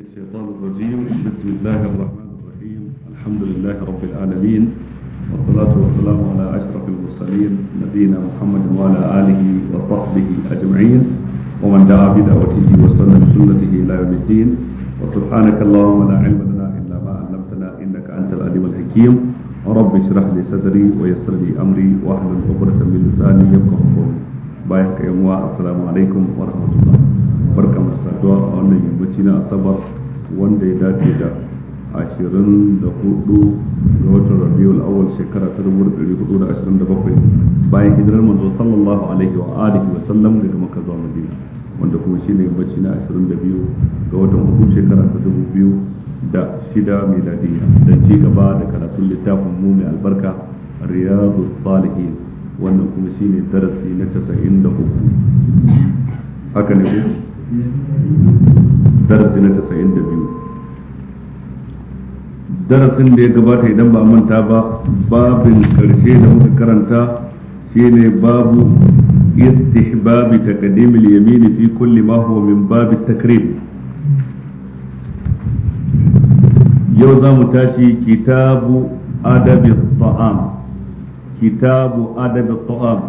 الشيطان الرجيم بسم الله الرحمن الرحيم الحمد لله رب العالمين والصلاة والسلام على أشرف المرسلين نبينا محمد وعلى آله وصحبه أجمعين ومن دعا بدعوته واستنى بسنته إلى يوم الدين وسبحانك اللهم لا علم لنا إلا ما علمتنا إنك أنت العليم الحكيم رب اشرح لي صدري ويسر لي أمري واحلل عقدة من لساني يفقهوا قولي بايعك يا السلام عليكم ورحمة الله barka masu saduwa a wannan yammaci na asabar wanda ya dace da ashirin da hudu ga watan rabiul awal shekara ta dubu da da ashirin bakwai bayan hijirar manzo sallallahu alaihi wa alihi wa sallam daga maka zuwa madina wanda kuma shi ne yammaci na ashirin da biyu ga watan hudu shekara ta dubu biyu da shida miladiya da ci gaba da karatun littafin mu mai albarka riyadu salihin wannan kuma shi ne darasi na casa'in da 93 haka ne darasin da ya gabata idan ba manta ba babin karshe da muka karanta shine babu istihbabi taqdim al-yamin fi kulli ma huwa min babi yau za mu tashi kitabu adabi ta'am kitabu adabi ta'am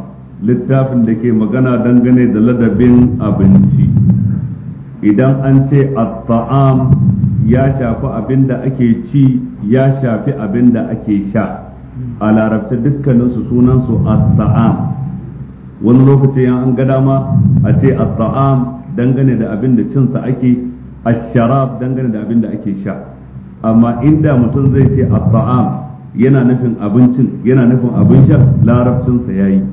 littafin da ke magana dangane da ladabin abinci idan an ce at-ta'am ya shafi abin da ake ci ya shafi abin da ake sha a larabta dukkaninsu sunansu at-ta'am wani lokacin yan an ga dama a ce at-ta'am dangane da abin da cinsa ake ash-sharab dangane da abin da ake sha amma inda mutum zai ce at-ta'am yana nufin abincin yana nufin abin sha larabcinsa yayi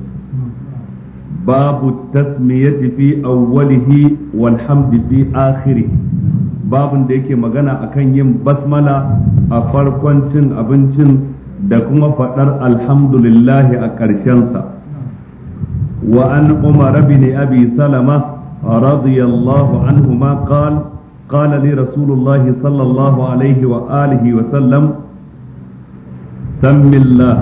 babu tasmiyati fi awwalihi wal hamdi fi akhirih babun da yake magana a kan yin basmala a farkon cin abincin da kuma fadar alhamdulillahi a ƙarshen sa wa an umar bin abi salama radiyallahu anhu ma qala قال لي رسول الله صلى الله عليه وآله وسلم سم الله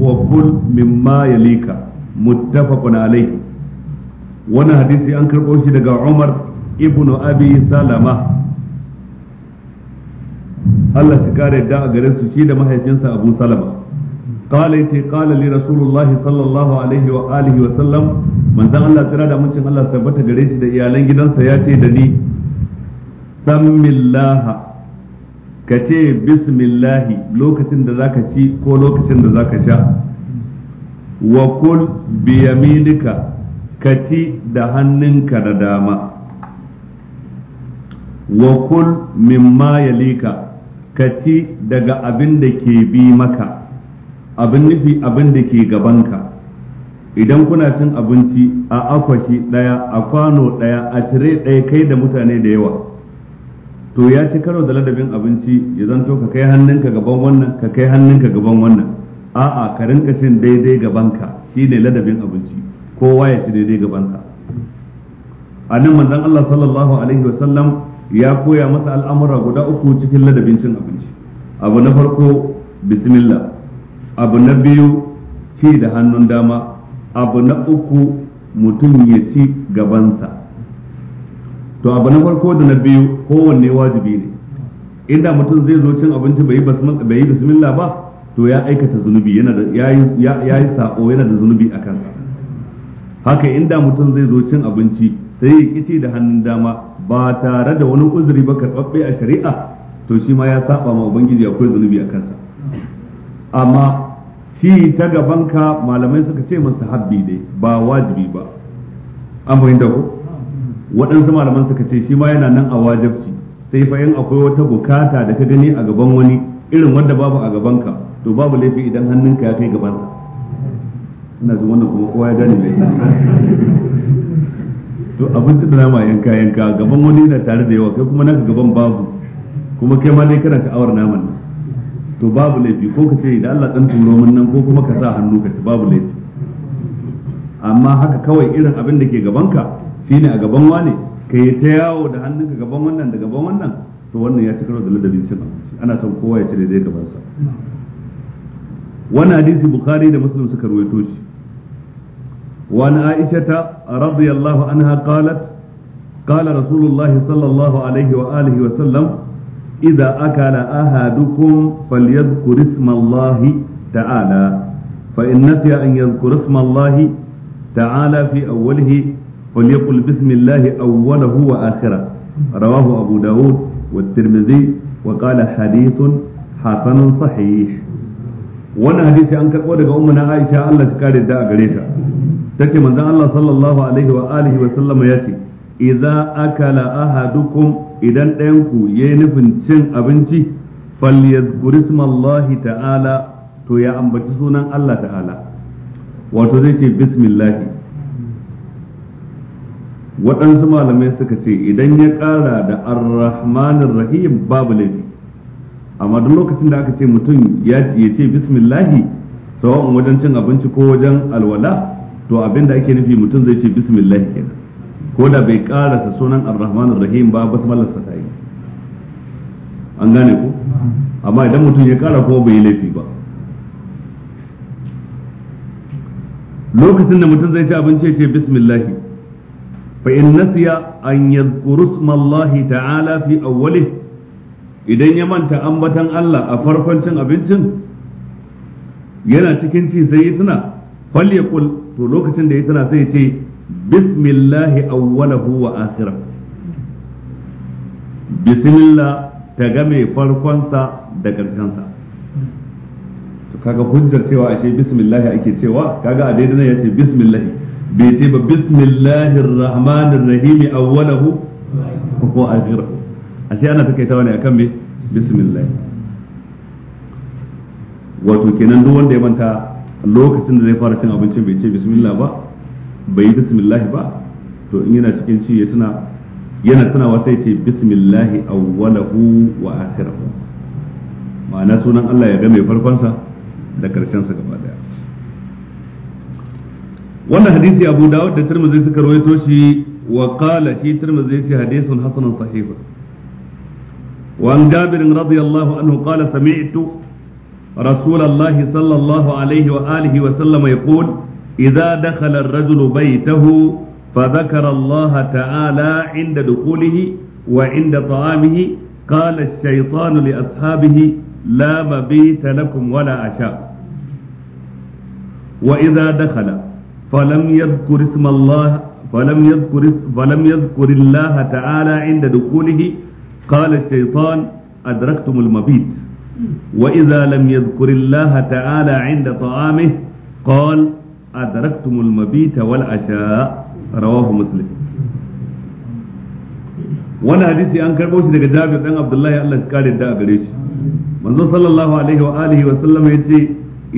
wa kul mimma yalika muttafaqun alayhi wannan hadisi an karbo shi daga Umar ibn Abi Salama Allah shi kare da a gare su shi da mahajinsa Abu Salama qala yace qala li sallallahu alaihi wa sallam man da Allah tsira da mucin Allah sabbata gare shi da iyalan gidansa ce da ni sammillaha ka ce bismillahi lokacin da zaka ci ko lokacin da za ka sha wa kul biyaminika ka ci da hannunka da dama wa kul mimma yalika ka ci daga abin da ke bi maka abin nufi abin da ke gabanka idan kuna cin abinci a akwashi ɗaya a kwano ɗaya a tire ɗaya kai da mutane da yawa to ya ci karo da ladabin abinci ya zanto ka kai hannunka gaban wannan ka kai hannunka gaban wannan a'a ka rinka cin daidai gabanka shine ladabin abinci kowa ya ci daidai gabansa a nan manzon Allah sallallahu alaihi wasallam ya koya masa al'amura guda uku cikin ladabin cin abinci abu na farko bismillah abu na biyu ci da hannun dama abu na uku mutum ya ci gabansa to abu na farko da na biyu kowanne wajibi ne inda mutum zai zo cin abinci bai yi bismillah ba to ya aikata zunubi yana da ya yi sako yana da zunubi a kansa haka inda mutum zai zo cin abinci sai ya kici da hannun dama ba tare da wani uzuri ba karɓaɓɓe a shari'a to shi ma ya saba ma ubangiji akwai zunubi a kansa amma shi ta gabanka malamai suka ce habbi dai ba wajibi ba an fahimta ko waɗansu malaman suka ce shi ma yana nan a wajabci sai fa in akwai wata bukata da ka gani a gaban wani irin wanda babu a gabanka to babu laifi idan hannunka ya kai gabansa ina jin wannan kuma kowa ya gane mai to abinci da nama yanka yanka gaban wani yana tare da yawa kai kuma naka gaban babu kuma kai ma dai kana sha'awar naman to babu laifi ko ka ce da Allah dan turo min nan ko kuma ka sa hannu ka ci babu laifi amma haka kawai irin abin da ke gabanka shine a gaban wane ka yi ta yawo da hannunka gaban wannan da gaban wannan to wannan ya ci karo da ladabin cin abinci ana son kowa ya ci daidai gabansa wannan hadisi bukhari da muslim suka ruwaito shi وعن عائشة رضي الله عنها قالت قال رسول الله صلى الله عليه وآله وسلم إذا أكل أحدكم فليذكر اسم الله تعالى فإن نسي أن يذكر اسم الله تعالى في أوله فليقل بسم الله أوله وآخره رواه أبو داود والترمذي وقال حديث حسن صحيح وانا حديث أنك قد أمنا عائشة الله شكار الداء قريتا تكي من الله صلى الله عليه وآله وسلم ياتي إذا أكل أحدكم إذا أنكو ينفن شن أبنتي فليذكر اسم الله تعالى تو يا أنبتي سنان الله تعالى وتو زي بسم الله waɗansu malamai suka ce idan ya ƙara da arrahmanir rahim babu laifi amma duk lokacin da aka ce mutum ya ce bismillahi sawa'un wajen cin abinci ko wajen alwala to abin da ake nufi mutum zai ce bismillahi kenan ko da bai karasa sunan arrahmanir rahim ba basmalarsa ta yi an gane ku amma idan mutum ya ƙara ko bai yi laifi ba lokacin da mutum zai ci abinci ya ce bismillahi فإن نسي أن يذكر اسم الله تعالى في أوله idan ya manta ambatan Allah a farkon abincin yana cikin ci sai ya tuna to lokacin da ya tuna sai ya ce bismillahi awwalahu wa akhirah bismillah ta game farkonsa da ƙarshensa kaga hujjar cewa ashe bismillahi ake cewa kaga a daidai ya ce bismillahi bai ce ba bismillahir rahmanir rahim awwalahu ko akhirahu ashe ana takaitawa ne akan me bismillah wato kenan duk wanda ya manta lokacin da zai fara cin abincin bai ce bismillah ba bai yi bismillah ba to in yana cikin ci ya tuna yana tunawa sai ce bismillah awwalahu wa akhirahu ma'ana sunan Allah ya ga mai farkonsa da karshen sa gaba wannan hadisi abu dawud da tirmidhi suka rawaito shi wa qala shi tirmidhi shi hadisun hasanun sahih wa an jabir radiyallahu anhu qala sami'tu رسول الله صلى الله عليه وآله وسلم يقول إذا دخل الرجل بيته فذكر الله تعالى عند دخوله وعند طعامه قال الشيطان لأصحابه لا مبيت لكم ولا عشاء وإذا دخل فلم يذكر اسم الله فلم يذكر فلم يذكر الله تعالى عند دخوله قال الشيطان أدركتم المبيت وإذا لم يذكر الله تعالى عند طعامه قال أدركتم المبيت والعشاء رواه مسلم wani hadisi an karɓo shi daga Jabir dan Abdullahi Allah ya kare da gare shi manzo sallallahu alaihi wa alihi wa sallam yace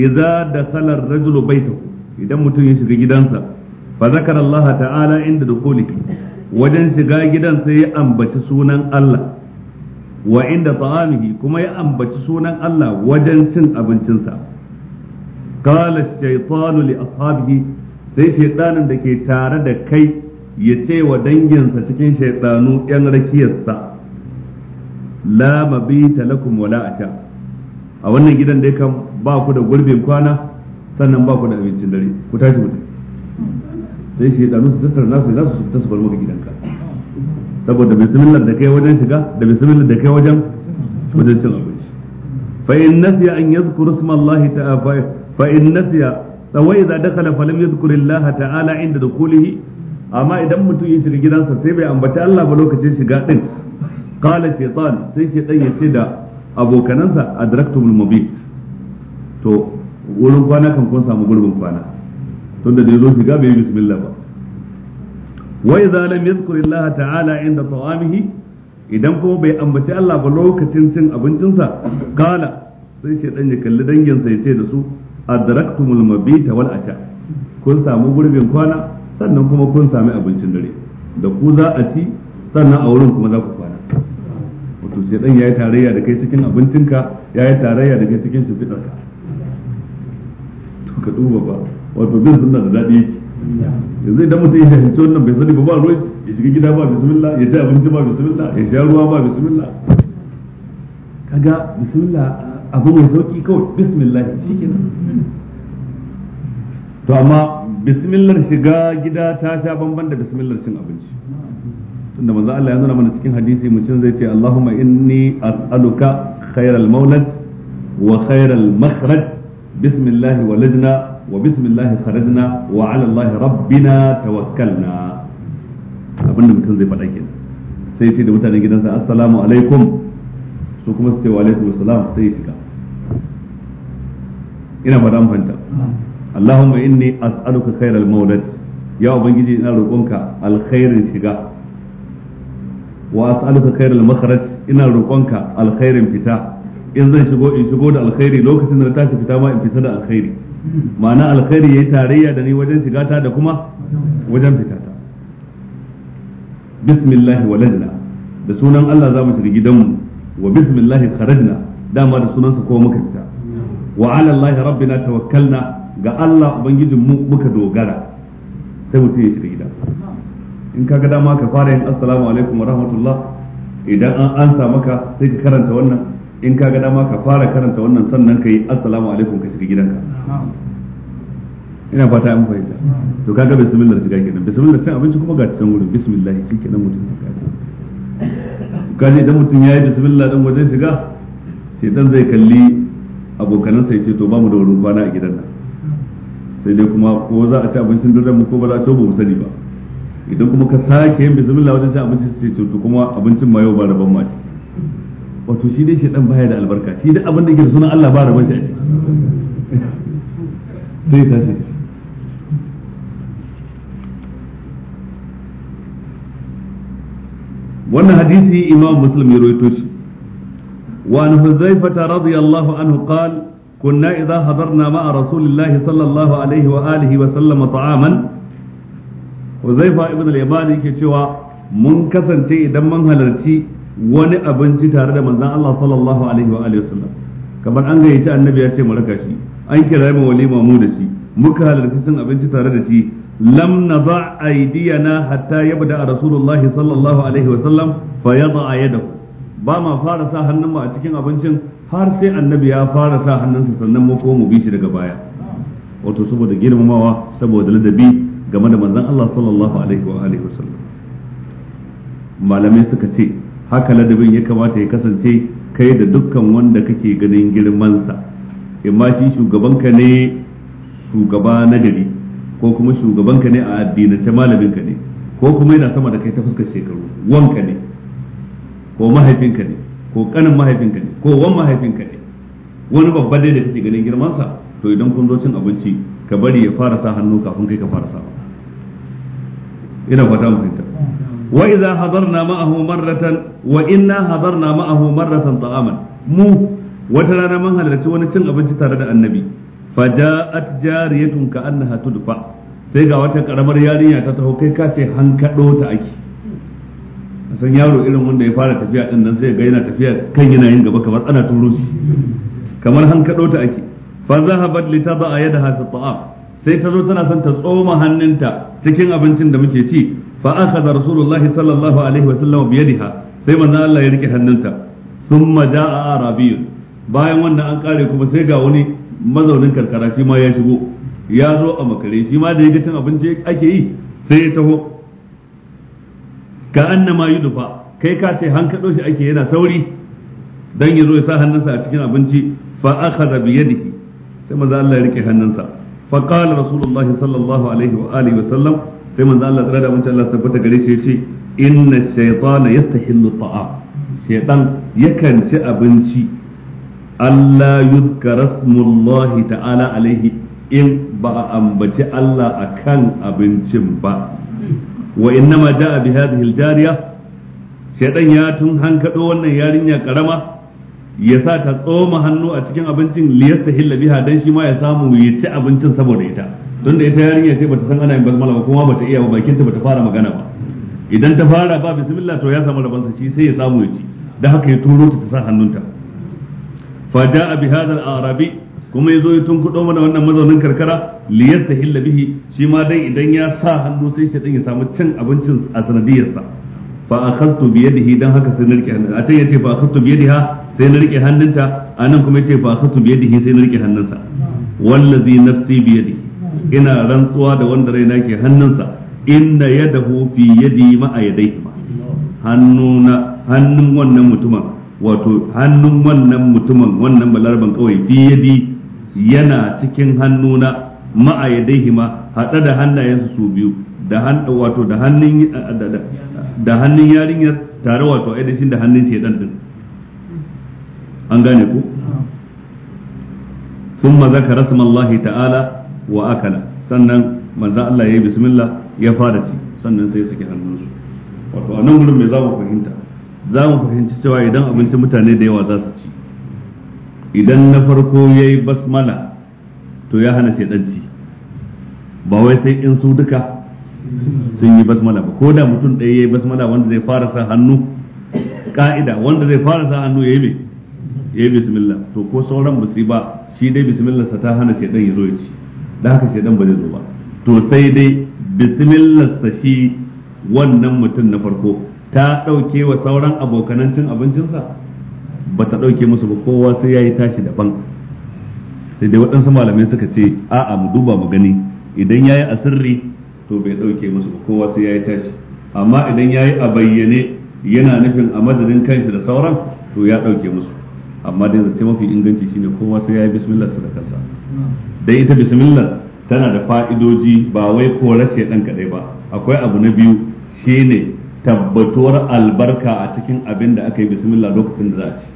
idza dakhala ar-rajulu baytahu idan mutum ya shiga gidansa fa zakara Allah ta'ala inda dukhulihi wajen shiga gidan sai ya ambaci sunan Allah wa inda ta'amihi kuma ya ambaci sunan Allah wajen cin abincinsa qala ash-shaytanu li ashabihi sai shaytanin da ke tare da kai ya ce wa danginsa cikin shaytanu yan rakiyarsa la mabita lakum wala asha a wannan gidan dai kan ba ku da gurbin kwana sannan ba ku da abincin dare ku tashi mu sai shi da su tattara nasu za su ta su bar maka gidanka saboda bismillah da kai wajen shiga da bismillah da kai wajen wajen cin abinci fa in nasiya an yadhkuru isma Allah ta'ala fa in nasiya sawai idza dakala lam yadhkuri Allah ta'ala inda dukulihi amma idan mutum ya shiga gidansa sai bai ambaci Allah ba lokacin shiga din qala shaytan sai shaytan ya ce da abokanansa adraktumul mubit to wurin kwana kan kun samu gurbin kwana tunda da zo shiga bai bismillah ba wa idza lam yadhkur Allah ta'ala inda ta'amihi idan kuma bai ambaci Allah ba lokacin cin abincinsa kala sai shedan ya kalli danginsa ya ce da su adraktumul mabita wal asha kun samu gurbin kwana sannan kuma kun sami abincin dare da ku za a ci sannan a wurin kuma za ku kwana wato shedan ya yi tarayya da kai cikin abincinka ya yi tarayya da kai cikin shimfiɗarka ka duba ba wato bin sunna da daɗi yake yanzu idan mutum ya fahimci wannan bai sani ba ba ruwa ya shiga gida ba bismillah ya ci abinci ba bismillah ya sha ruwa ba bismillah kaga bismillah abu mai sauki kawai bismillah shikenan to amma bismillah shiga gida ta sha bamban da bismillah cin abinci tunda manzo Allah ya nuna mana cikin hadisi mutum zai ce Allahumma inni as'aluka khairal mawlad wa khairal makhraj بسم الله ولدنا وبسم الله خرجنا وعلى الله ربنا توكلنا abin da mutum zai faɗa kenan sai ce da mutanen gidansa assalamu alaikum su kuma su ce wa alaikum assalam sai ya shiga ina faɗa mu fahimta Allahumma inni as'aluka khairal mawlad ya ubangiji ina roƙonka alkhairin shiga wa as'aluka khairal makharaj ina roƙonka alkhairin fita in zan shigo in shigo da alkhairi lokacin da ta tashi fita ma in fita da alkhairi ma'ana alkhairi yayi tarayya da ni wajen shiga ta da kuma wajen fita ta bismillah walajna da sunan Allah za mu shiga gidanmu wa bismillah kharajna dama da sunansa ko muka fita wa ala Allah rabbina tawakkalna ga Allah ubangijin mu muka dogara sai mutum ya shiga gida in kaga dama ka fara yin assalamu alaikum wa rahmatullah idan an ansa maka sai ka karanta wannan in ka ga dama ka fara karanta wannan sannan ka yi assalamu alaikum ka shiga gidanka ina fata an fahimta to kaga bismillah shiga kenan bismillah sai abinci kuma ga cikin wurin bismillah shi kenan mutum ka kaje idan mutum ya yi bismillah dan wajen shiga sai dan zai kalli abokanansa ya ce to ba mu da wurin kwana a gidan nan sai dai kuma ko za a ci abincin dare mu ko ba za a ci ba mu sani ba idan kuma ka sake yin bismillah wajen cin abinci sai to kuma abincin ma yau ba rabon ma ci wato shi dai shaidan baya da albarka shi da abin da ke sunan Allah ba rabon shi a ciki sai tashi wannan hadisi imam muslim ya rawaito shi wa an huzaifata radiyallahu anhu qala kunna idza hadarna ma'a rasulillahi sallallahu alaihi wa alihi wa sallama ta'aman huzaifa ibn al-yamani yake cewa mun kasance idan mun halarci wani abinci tare da manzan Allah sallallahu alaihi wa alihi wasallam kamar an gayyaci annabi ya ce mu raka shi an kira mu walima mu da shi muka halarci cin abinci tare da shi lam nada aydiyana hatta yabda rasulullah sallallahu alaihi wa sallam fa yada yadahu ba ma fara sa hannunmu a cikin abincin har sai annabi ya fara sa hannunsa sannan mu ko mu bi shi daga baya wato saboda girmamawa saboda ladabi game da manzon Allah sallallahu alaihi wa alihi wasallam malamai suka ce haka ladabin ya kamata ya kasance kai da dukkan wanda kake ganin girmansa imma shi shugabanka ne shugaba na gari ko kuma shugabanka ne a addinance malaminka ne ko kuma yana sama da kai ta fuskar shekaru wanka ne ko mahaifinka ne ko kanin mahaifinka ne ko wan mahaifinka ne wani babba dai da kake ganin girmansa to idan kun zo cin abinci ka bari ya fara sa hannu kafin kai ka fara sa ina fata mu fahimta wa idza hadarna ma'ahu marratan wa inna hadarna ma'ahu marratan ta'aman mu wata rana mun halarci wani cin abinci tare da annabi faja'at jariyatun ka annaha tudfa sai ga wata karamar yarinya ta taho kai ka ce san yaro irin wanda ya fara tafiya din nan sai ga yana tafiya kan yana yin gaba kamar ana turo shi kamar hankado ta ake fa zahabat li tada'a yadaha fi ta'am sai ta zo tana son ta tsoma hannunta cikin abincin da muke ci fa da rasulullahi sallallahu alaihi wa sallam bi yadiha sai manzo Allah ya rike hannunta thumma jaa arabiyun bayan wannan an kare kuma sai ga wani mazaunin karkara shi ma ya shigo ya zo a makare shi ma da ya ga cin abinci ake yi sai ya taho ka annama yudufa kai ka ce hankado shi ake yana sauri dan ya zo ya sa hannunsa a cikin abinci fa akhadha bi yadihi sai manzo Allah ya rike hannunsa fa qala rasulullahi sallallahu alaihi wa alihi wa sallam sai manzo Allah tsara da wancan Allah tabbata gare shi yace inna shaytana yastahillu ta'am shaytan yakan ci abinci Allah yuzkara smullahi ta'ala alaihi in ba a ambaci Allah akan abincin ba wa innama ja'a bi hadhihi al-jariya shaytan ya tun hankado wannan yarinya karama ya sa ta tsoma hannu a cikin abincin liyasta biha dan shi ma ya samu ya ci abincin saboda ita don da ita yarinya ce bata san ana yin basmala ba kuma bata iya ba bakin ta bata fara magana ba idan ta fara ba bismillah to ya samu sa shi sai ya samu ya ci da haka ya turo ta ta sa hannunta fa jaa bi hadha al-arabi kuma yazo ya tunkudo mana wannan mazaunin karkara li yastahilla bihi shi ma dai idan ya sa hannu sai shi din ya samu cin abincin a sanadiyarsa fa akhadtu bi yadihi dan haka sai narke hannun a can yace fa akhadtu bi yadiha sai narke hannunta anan kuma yace fa akhadtu bi yadihi sai narke hannunsa wallazi nafsi bi yadihi ina rantsuwa da wanda raina ke hannunsa inna yadahu fi yadi ma'a yadayhi hannuna hannun wannan mutumin wato hannun wannan mutumin wannan balarban kawai fi yadi yana cikin hannuna ma'a yadayhi ma hada da hannayensu su biyu da han wato da hannun da hannun yarinyar tare wato aidashin da hannun shi ya din an gane ku ثم ذكر اسم الله تعالى wa akala sannan manzo Allah ya yi bismillah ya fara ci sannan sai ya saki hannunsu wato a nan gurin me za mu fahimta za mu fahimci cewa idan abinci mutane da yawa za su ci idan na farko ya yi basmala to ya hana shaidan ci ba wai sai in su duka sun yi basmala ba ko da mutum ɗaya ya yi basmala wanda zai fara sa hannu ka'ida wanda zai fara sa hannu ya yi mai ya yi bismillah to ko sauran ba su yi ba shi dai bismillah sa ta hana shaidan ya zo ya ci da haka shaidan ba zai zo ba to sai dai bismillah shi wannan mutum na farko ta ɗauke wa sauran abokanan cin abincinsa ba ta ɗauke musu ba kowa sai ya yi tashi daban sai dai waɗansu malamai suka ce a'a mu duba mu gani idan ya yi sirri, to bai ɗauke musu ba kowa sai ya yi tashi amma idan ya yi a bayyane yana nufin a madadin kanshi da sauran to ya ɗauke musu amma dai ce mafi inganci shine kowa sai ya yi bismillah da kansa da ita bismillah tana da fa'idoji ba wai rashe dan kadai ba akwai abu na biyu shine tabbatuwar albarka a cikin abin da aka yi bismillah lokacin da za a ci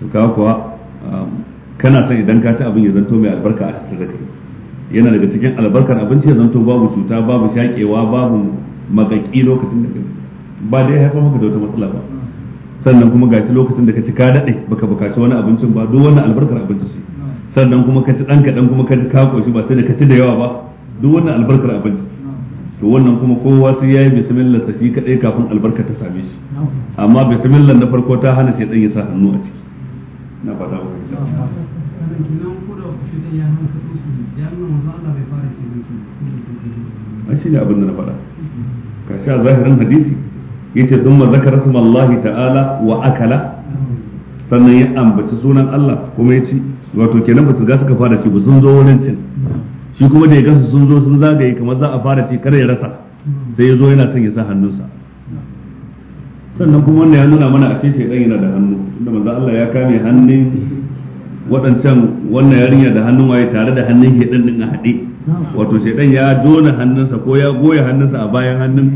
to ka kuwa um, kana son idan ka ci abin ya zanto mai albarka a cikin kai yana daga cikin albarkar abinci ya zanto babu cuta babu shakewa babu magaki lokacin da ka ba dai haifar maka da wata matsala ba sannan kuma gashi lokacin da ka ci ka daɗe baka bukaci wani abincin ba duk wannan albarkar abinci ce sannan kuma ka ci dan kaɗan kuma ka kako shi ba sai da ka ci da yawa ba duk wannan albarkar abinci to wannan kuma kowa sai yayi bismillah ta shi kadai kafin albarka ta same shi amma bismillah na farko ta hana sai dan ya sa hannu a ciki na fata ba a shi ne abin da na faɗa ka sha zahirin hadisi ya ce sun mazaka rasmallahi ta'ala wa akala sannan ya ambaci sunan Allah kuma ya ci wato kenan ba su ga suka fara ci ba sun zo wurin cin shi kuma da ya gasu sun zo sun zagaye kamar za a fara ci kar ya rasa sai ya zo yana son ya sa hannunsa sannan kuma wannan ya nuna mana ashe dan yana da hannu inda manzo Allah ya kame hannun waɗancan wannan yarinya da hannun waye tare da hannun shaidan din a haɗe wato shedan ya dona hannunsa ko ya goya hannunsa a bayan hannun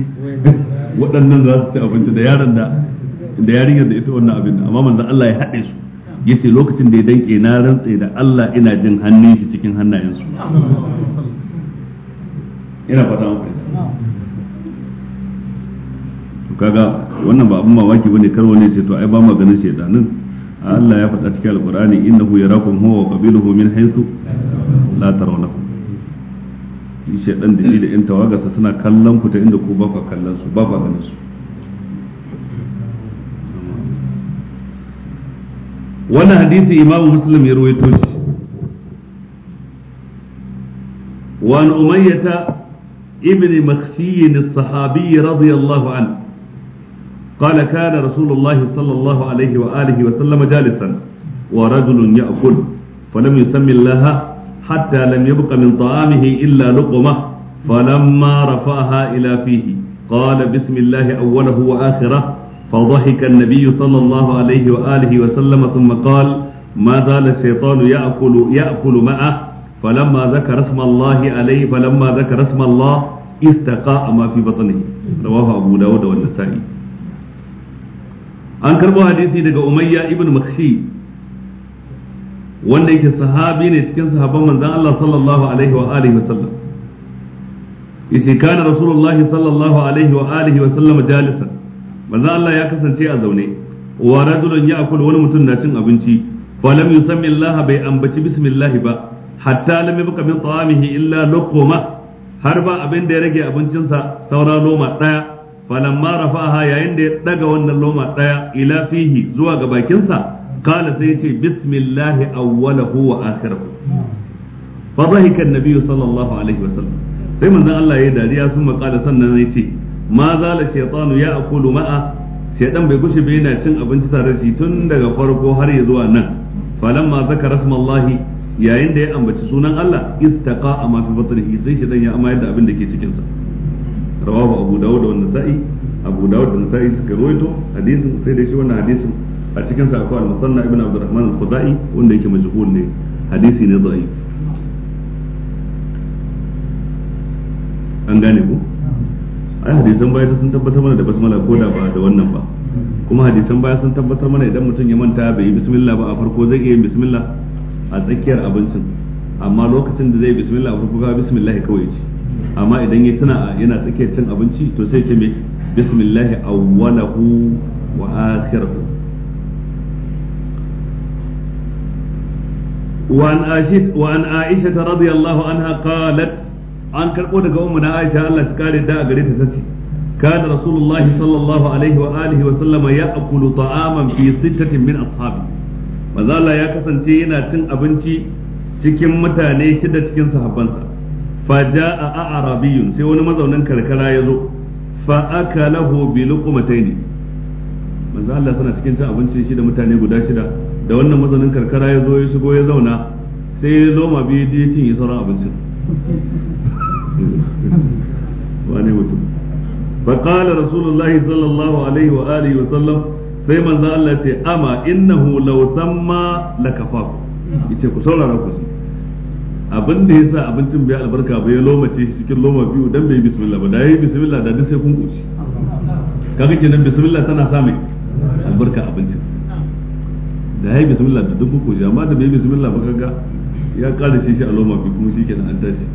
waɗannan za su ci abinci da yaran da da yarinyar da ita wannan abin amma manzo Allah ya haɗe su yace lokacin da ya danke na rantse da Allah ina jin hannun shi cikin hannayensu ina fata muku to kaga wannan ba abin mawaki bane kar wani ce to ai ba maganin shedanin Allah ya faɗa cikin alqur'ani innahu yarakum huwa wa qabiluhu min haythu la tarawnahum shi shedan da shi da yan tawagarsa suna kallon ku ta inda ku ba ku kallon su ba ku ganin su wannan hadisi imamu muslim ya ruwaito shi umayyata ibn makhshiy as-sahabi radiyallahu an qala kana rasulullah sallallahu alayhi wa wa sallam jalisan wa rajulun ya'kul fa lam yusammi Allah hatta lam yabqa min ta'amihi illa luqma fa lamma rafa'aha ila fihi qala bismillah awwalahu wa akhirahu فضحك النبي صلى الله عليه وآله وسلم ثم قال ما زال الشيطان يأكل يأكل معه فلما ذكر اسم الله عليه فلما ذكر اسم الله استقاء ما في بطنه رواه أبو داود والنسائي an karbo hadisi daga umayya ibn makhshi wanda yake sahabi ne cikin sahabban manzon Allah sallallahu alaihi wa alihi wa sallam yace kana rasulullahi sallallahu wa alihi wa sallam manzo Allah ya kasance a zaune wa rajulun ya'kul wani mutum na cin abinci falam yusammi Allah bai ambaci bismillahi ba hatta lam yabqa min ta'amihi illa luqma har ba abin da ya rage abincinsa saura loma daya falamma rafa'aha yayin da ya daga wannan loma daya ila fihi zuwa ga bakinsa qala sai yace bismillah awwalahu wa akhirahu fa dhahika an sallallahu alaihi wasallam sai manzon Allah ya dariya sun makala sannan ya ce ma la shaytanu ya akulu ma'a shaytan bai gushe bai yana cin abinci tare da shi tun daga farko har ya zuwa nan falamma zakara rasmallahi yayin da ya ambaci sunan Allah istaqa amma fi batnihi sai shaytan ya amma da abin da ke cikin sa rawahu abu dawud da nasa'i abu dawud da nasa'i suka rawaito hadisin sai da shi wannan hadisin a cikin sa akwai al-musanna ibn abdurrahman al-khuzai wanda yake majhul ne hadisi ne da'if an gane ku ai hadisan baya sun tabbatar mana da basmala ko da ba da wannan ba kuma hadisan baya sun tabbatar mana idan mutum ya manta bai yi bismillah ba a farko zai iya yin bismillah a tsakiyar abincin amma lokacin da zai yi bismillah a farko ga bismillah kawai ce amma idan ya tuna yana tsakiyar cin abinci to sai ce me bismillah awwalahu wa akhirahu وعن عائشة رضي الله عنها قالت an karbo daga ummu na Aisha Allah shi kare da gare ta tace kana rasulullahi sallallahu alaihi wa alihi wa sallama ya'kulu ta'aman fi sittatin min ashabi manzo ya kasance yana cin abinci cikin mutane shida cikin sahabbansa fa jaa a'rabiyun sai wani mazaunin karkara ya zo fa akalahu bi luqmataini manzo Allah suna cikin cin abinci shida mutane guda shida da wannan mazaunin karkara ya zo ya shigo ya zauna sai ya loma biyu cinye sauran abincin wane mutum فقال رسول sallallahu alaihi wa alihi wa sallam sai manzo Allah ce ama innahu law samma lakafaku yace ku saurara ku abin da yasa abincin bai albarka ba ya lomace shi cikin loma biyu dan bai bismillah ba da yi bismillah da duk sai kun kuci kaga kenan bismillah tana sami albarka abincin da yi bismillah da duk kuci amma da bai bismillah ba kaga ya kada shi shi a loma biyu kuma shi kenan an tashi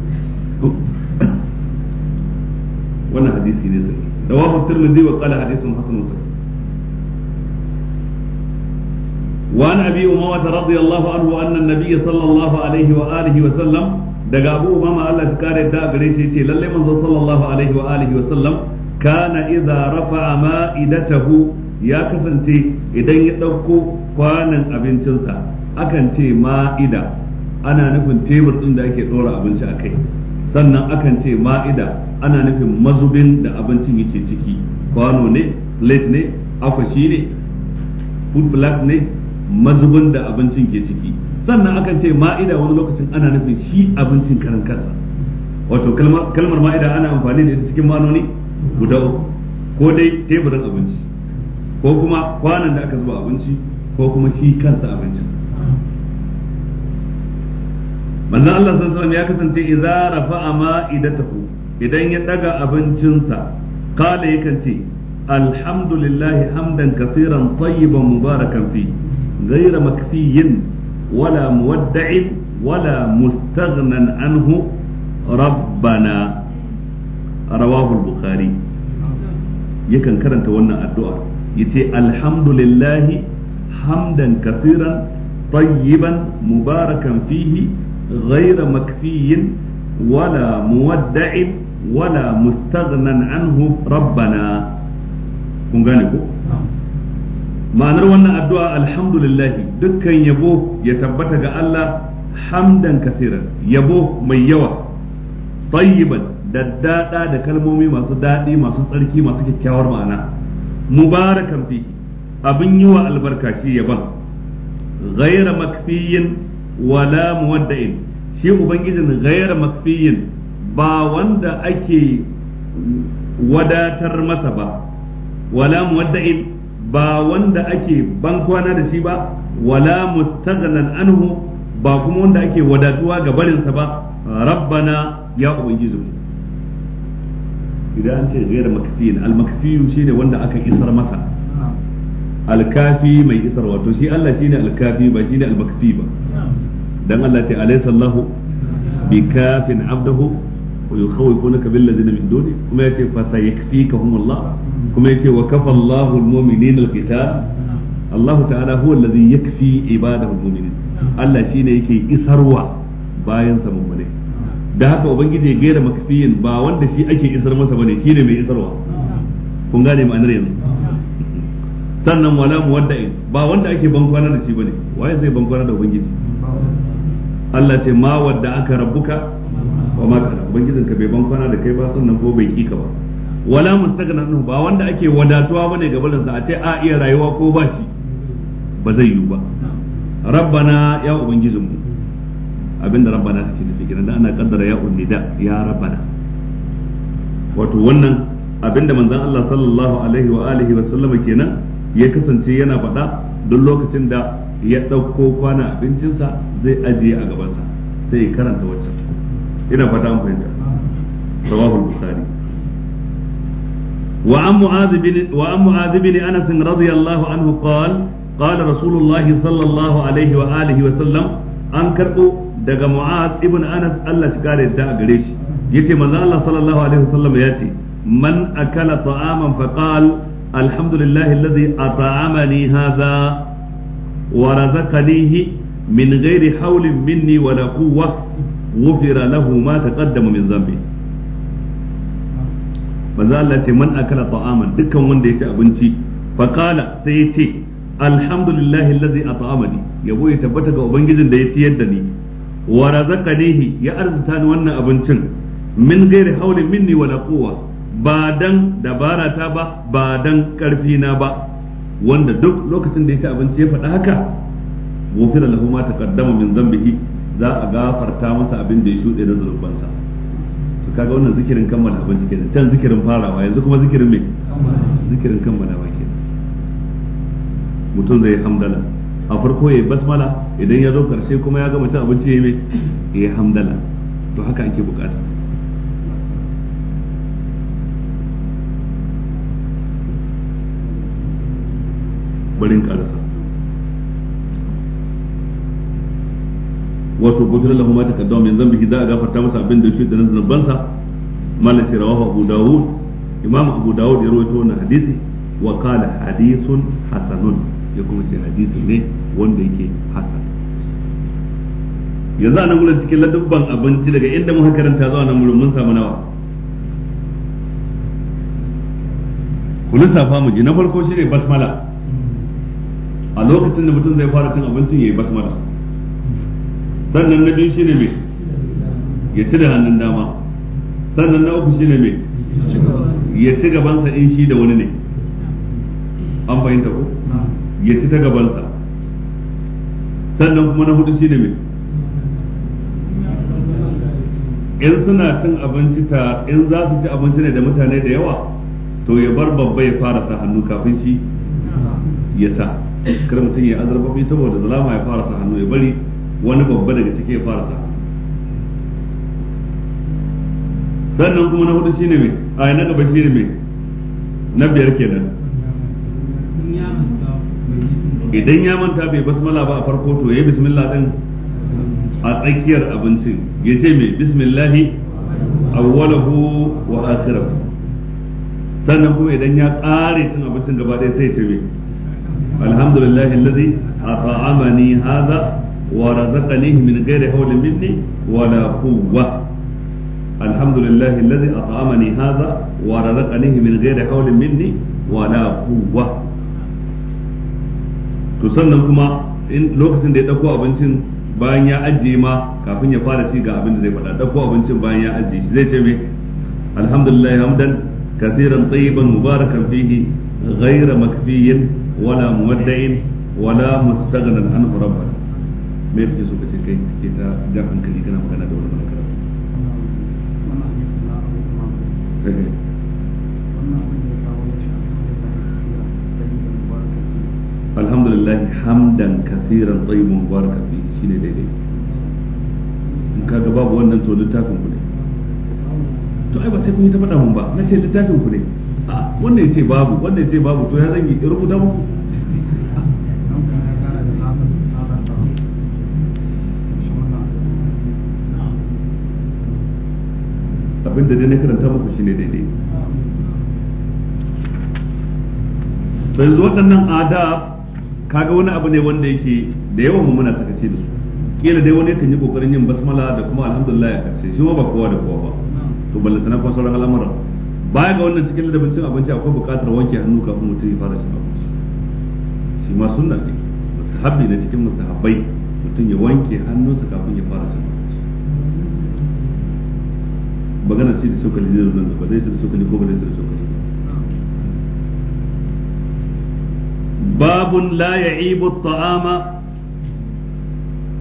wannan hadisi ne sai rawahu tirmidhi wa qala hadithun hasan sahih وعن ابي امامه رضي الله عنه ان النبي صلى الله عليه واله وسلم daga abu Allah shi kare ta gare shi ce lalle manzo sallallahu alaihi wa alihi wa sallam kana idza rafa'a ma'idatahu ya kasance idan ya dauko kwanon abincinsa akan ce ma'ida ana nufin tebur ɗin da ake dora abinci kai. sannan akan ce ma'ida ana nufin mazubin da abincin yake ciki kwano ne plate ne afashi ne food black ne mazubin da abincin ke ciki sannan akan ce ma'ida wani lokacin ana nufin shi abincin karan kansa wato kalmar ma'ida ana amfani da ita cikin manoni guda uku ko dai teburin abinci ko kuma kwanan da aka zuba abinci ko kuma shi kansa abincin manzon Allah sallallahu ya kasance idza rafa'a ma'idatahu idan ya daga abincinsa kala yakan ce alhamdulillahi hamdan katsiran tayyiban mubarakan fi غير مكفي ولا مودع ولا مستغنى عنه ربنا رواه البخاري يكن كرنت ونا الدعاء يتي الحمد لله hamdan كثيرا طيبا مباركا فيه غير مكفي ولا مودع ولا مستغنى عنه ربنا kun gane ko ma'anar wannan addu'a alhamdulillah dukkan yabo ya tabbata ga Allah hamdan kasiran yabo mai yawa tayyiban daddada da kalmomi masu daɗi masu tsarki masu kyakkyawar ma'ana mubarakan fi abin yi wa albarka shi yaban ghaira makfiyin wala muwadda'in shi ubangijin ghayra makfiyin ba wanda ake wadatar masa ba wala muwadda'in ba wanda ake bankwana da shi ba wala mustaghnan anhu ba kuma wanda ake wadatuwa ga barinsa ba rabbana ya ubangiji idan an ce ghayra makfiyin al makfiyu shine wanda aka isar masa alkafi mai isar wato shi Allah shine alkafi ba shine almakfi ba dan Allah ce alaysa Allahu kafin abdahu wa yukhawifunaka bil ladzina min duni kuma yace fa sayakfikahum Allah kuma yace wa kafa Allahu almu'minina alqital Allah ta'ala huwa alladhi yakfi ibadahu almu'minin Allah shine yake isarwa bayan sa mummune da haka ubangiji ya gaira makfiyin ba wanda shi ake isar masa bane shine mai isarwa kun gane ma'anar yanzu sannan wala muwadda'in ba wanda ake bankwana da shi bane waye zai bankwana da ubangiji Allah ce ma wadda aka rabbuka wa ma kana ubangijin ka bai bankwana da kai ba sannan ko bai kika ba wala mustaghna anhu ba wanda ake wadatuwa bane ga barin sa a ce a iya rayuwa ko ba shi ba zai yiwu ba rabbana ya ubangijin mu abinda rabbana take nufi kenan dan ana kaddara ya unnida ya rabbana wato wannan abinda manzon Allah sallallahu alaihi wa alihi wa sallama kenan ya kasance yana faɗa duk lokacin da ya ɗauko kwana abincinsa zai ajiye a gabansa sai ya karanta waccan ina fata an fahimta rawahu bukhari وعن معاذ بن وعن معاذ بن انس رضي الله عنه قال قال رسول الله alaihi wa عليه واله وسلم ان كربو daga Mu'az ibn Anas Allah shi kare da a gare shi yace manzo Allah sallallahu alaihi wa wasallam yace man akala ta'aman faqala alhamdulillahi alladhi at'amani hadha wa razaqanihi min ghairi hawlin minni wala quwwa ghufira lahu ma min dhanbi manzo Allah ce man akala ta'aman dukkan wanda ya ci abinci fa qala sai ya ce alhamdulillahi alladhi at'amani yabo ya tabbata ga ubangijin da ya ciyar da ni wa ya arzuta ni wannan abincin min ba dan dabara ta ba ba dan karfi na ba wanda duk lokacin da ya ci abinci ya faɗa haka gofira lahu ma taqaddama min dhanbihi za a gafarta masa abin da ya shuɗe da sa to kaga wannan zikirin kammala abinci kenan can zikirin farawa yanzu kuma zikirin me zikirin kammala ba kenan mutum zai hamdala a farko yayi basmala idan ya zo karshe kuma ya gama cin abinci yayi me yayi hamdala to haka ake bukata barin karasa wato gudura lahu ma takaddama min zambihi za a gafarta masa abin da shi da nan zanubansa mala shi rawahu abu dawud imam abu dawud ya rawaito wannan hadisi wa qala hadisun hasanun ya kuma ce hadisi ne wanda yake hasan yanzu ana gudun cikin ladubban abinci daga inda muka karanta zuwa nan gurin mun samu nawa ku lissafa mu ji na farko shi ne basmala a lokacin da mutum zai fara cin abincin ya yi basmala sannan na biyu shine mai ya ci da hannun dama sannan na uku shine mai ya ci gabansa in shi da wani ne an fahimta ko ya ci ta gabansa sannan kuma na hudu shine mai in suna cin abinci ta in za su ci abinci ne da mutane da yawa to ya bar babba ya fara sa hannu kafin shi ya sa kar mutum ya azurba fi saboda zalama ya fara sa hannu ya bari wani babba daga ciki ya fara sa sannan kuma na hudu shine mai a yana gaba shine mai na biyar kenan idan ya manta bai basmala ba a farko to ya bismillah din a tsakiyar abincin ya ce mai bismillahi awwalahu wa akhirahu sannan kuma idan ya kare cin abincin gaba ɗaya sai ya ce mai alhamdulillahi alladhi at'amani hadha wa razaqanihi min ghairi hawlin minni wala quwwa alhamdulillahi alladhi at'amani hadha wa razaqanihi min ghairi hawlin minni wala quwwa to sannan kuma in lokacin da ya dauko abincin bayan ya ajiye ma kafin ya fara ci ga zai faɗa dauko abincin bayan ya ajiye shi zai ce me alhamdulillah hamdan Kasiran tayyiban mubarakan fihi ghayra makfiyin wala muwadda'in wala mustaghnan anhu rabbana mai yake so kace kai ke ta jan hankali kana magana da wani malaka alhamdulillah hamdan kasiran tayyiban mubarakan fi shine daidai in kaga babu wannan to littafin ku ne to ai ba sai kun yi ta faɗa mun ba na ce littafin ku ne a wannan ce babu wannan ce babu to ya zangi ya rubuta muku abin da dai na karanta muku ne daidai to yanzu waɗannan adab kaga wani abu ne wanda yake da yawan mu muna sakace da su kila dai wani kan yi kokarin yin basmala da kuma alhamdulillah ya karshe shi ma ba kowa da kowa ba to ballantana kuma sauran al'amuran baya ga wannan cikin ladabin cin abinci akwai buƙatar wanke hannu kafin mutum ya fara cin abinci shi ma sunna ne mustahabbi ne cikin mustahabbai mutum ya wanke hannunsa kafin ya fara cin abinci magana ce da sokali zai zo nan ba zai ce da sokali ko ba zai ce da sokali babun la ya'ibu at-ta'ama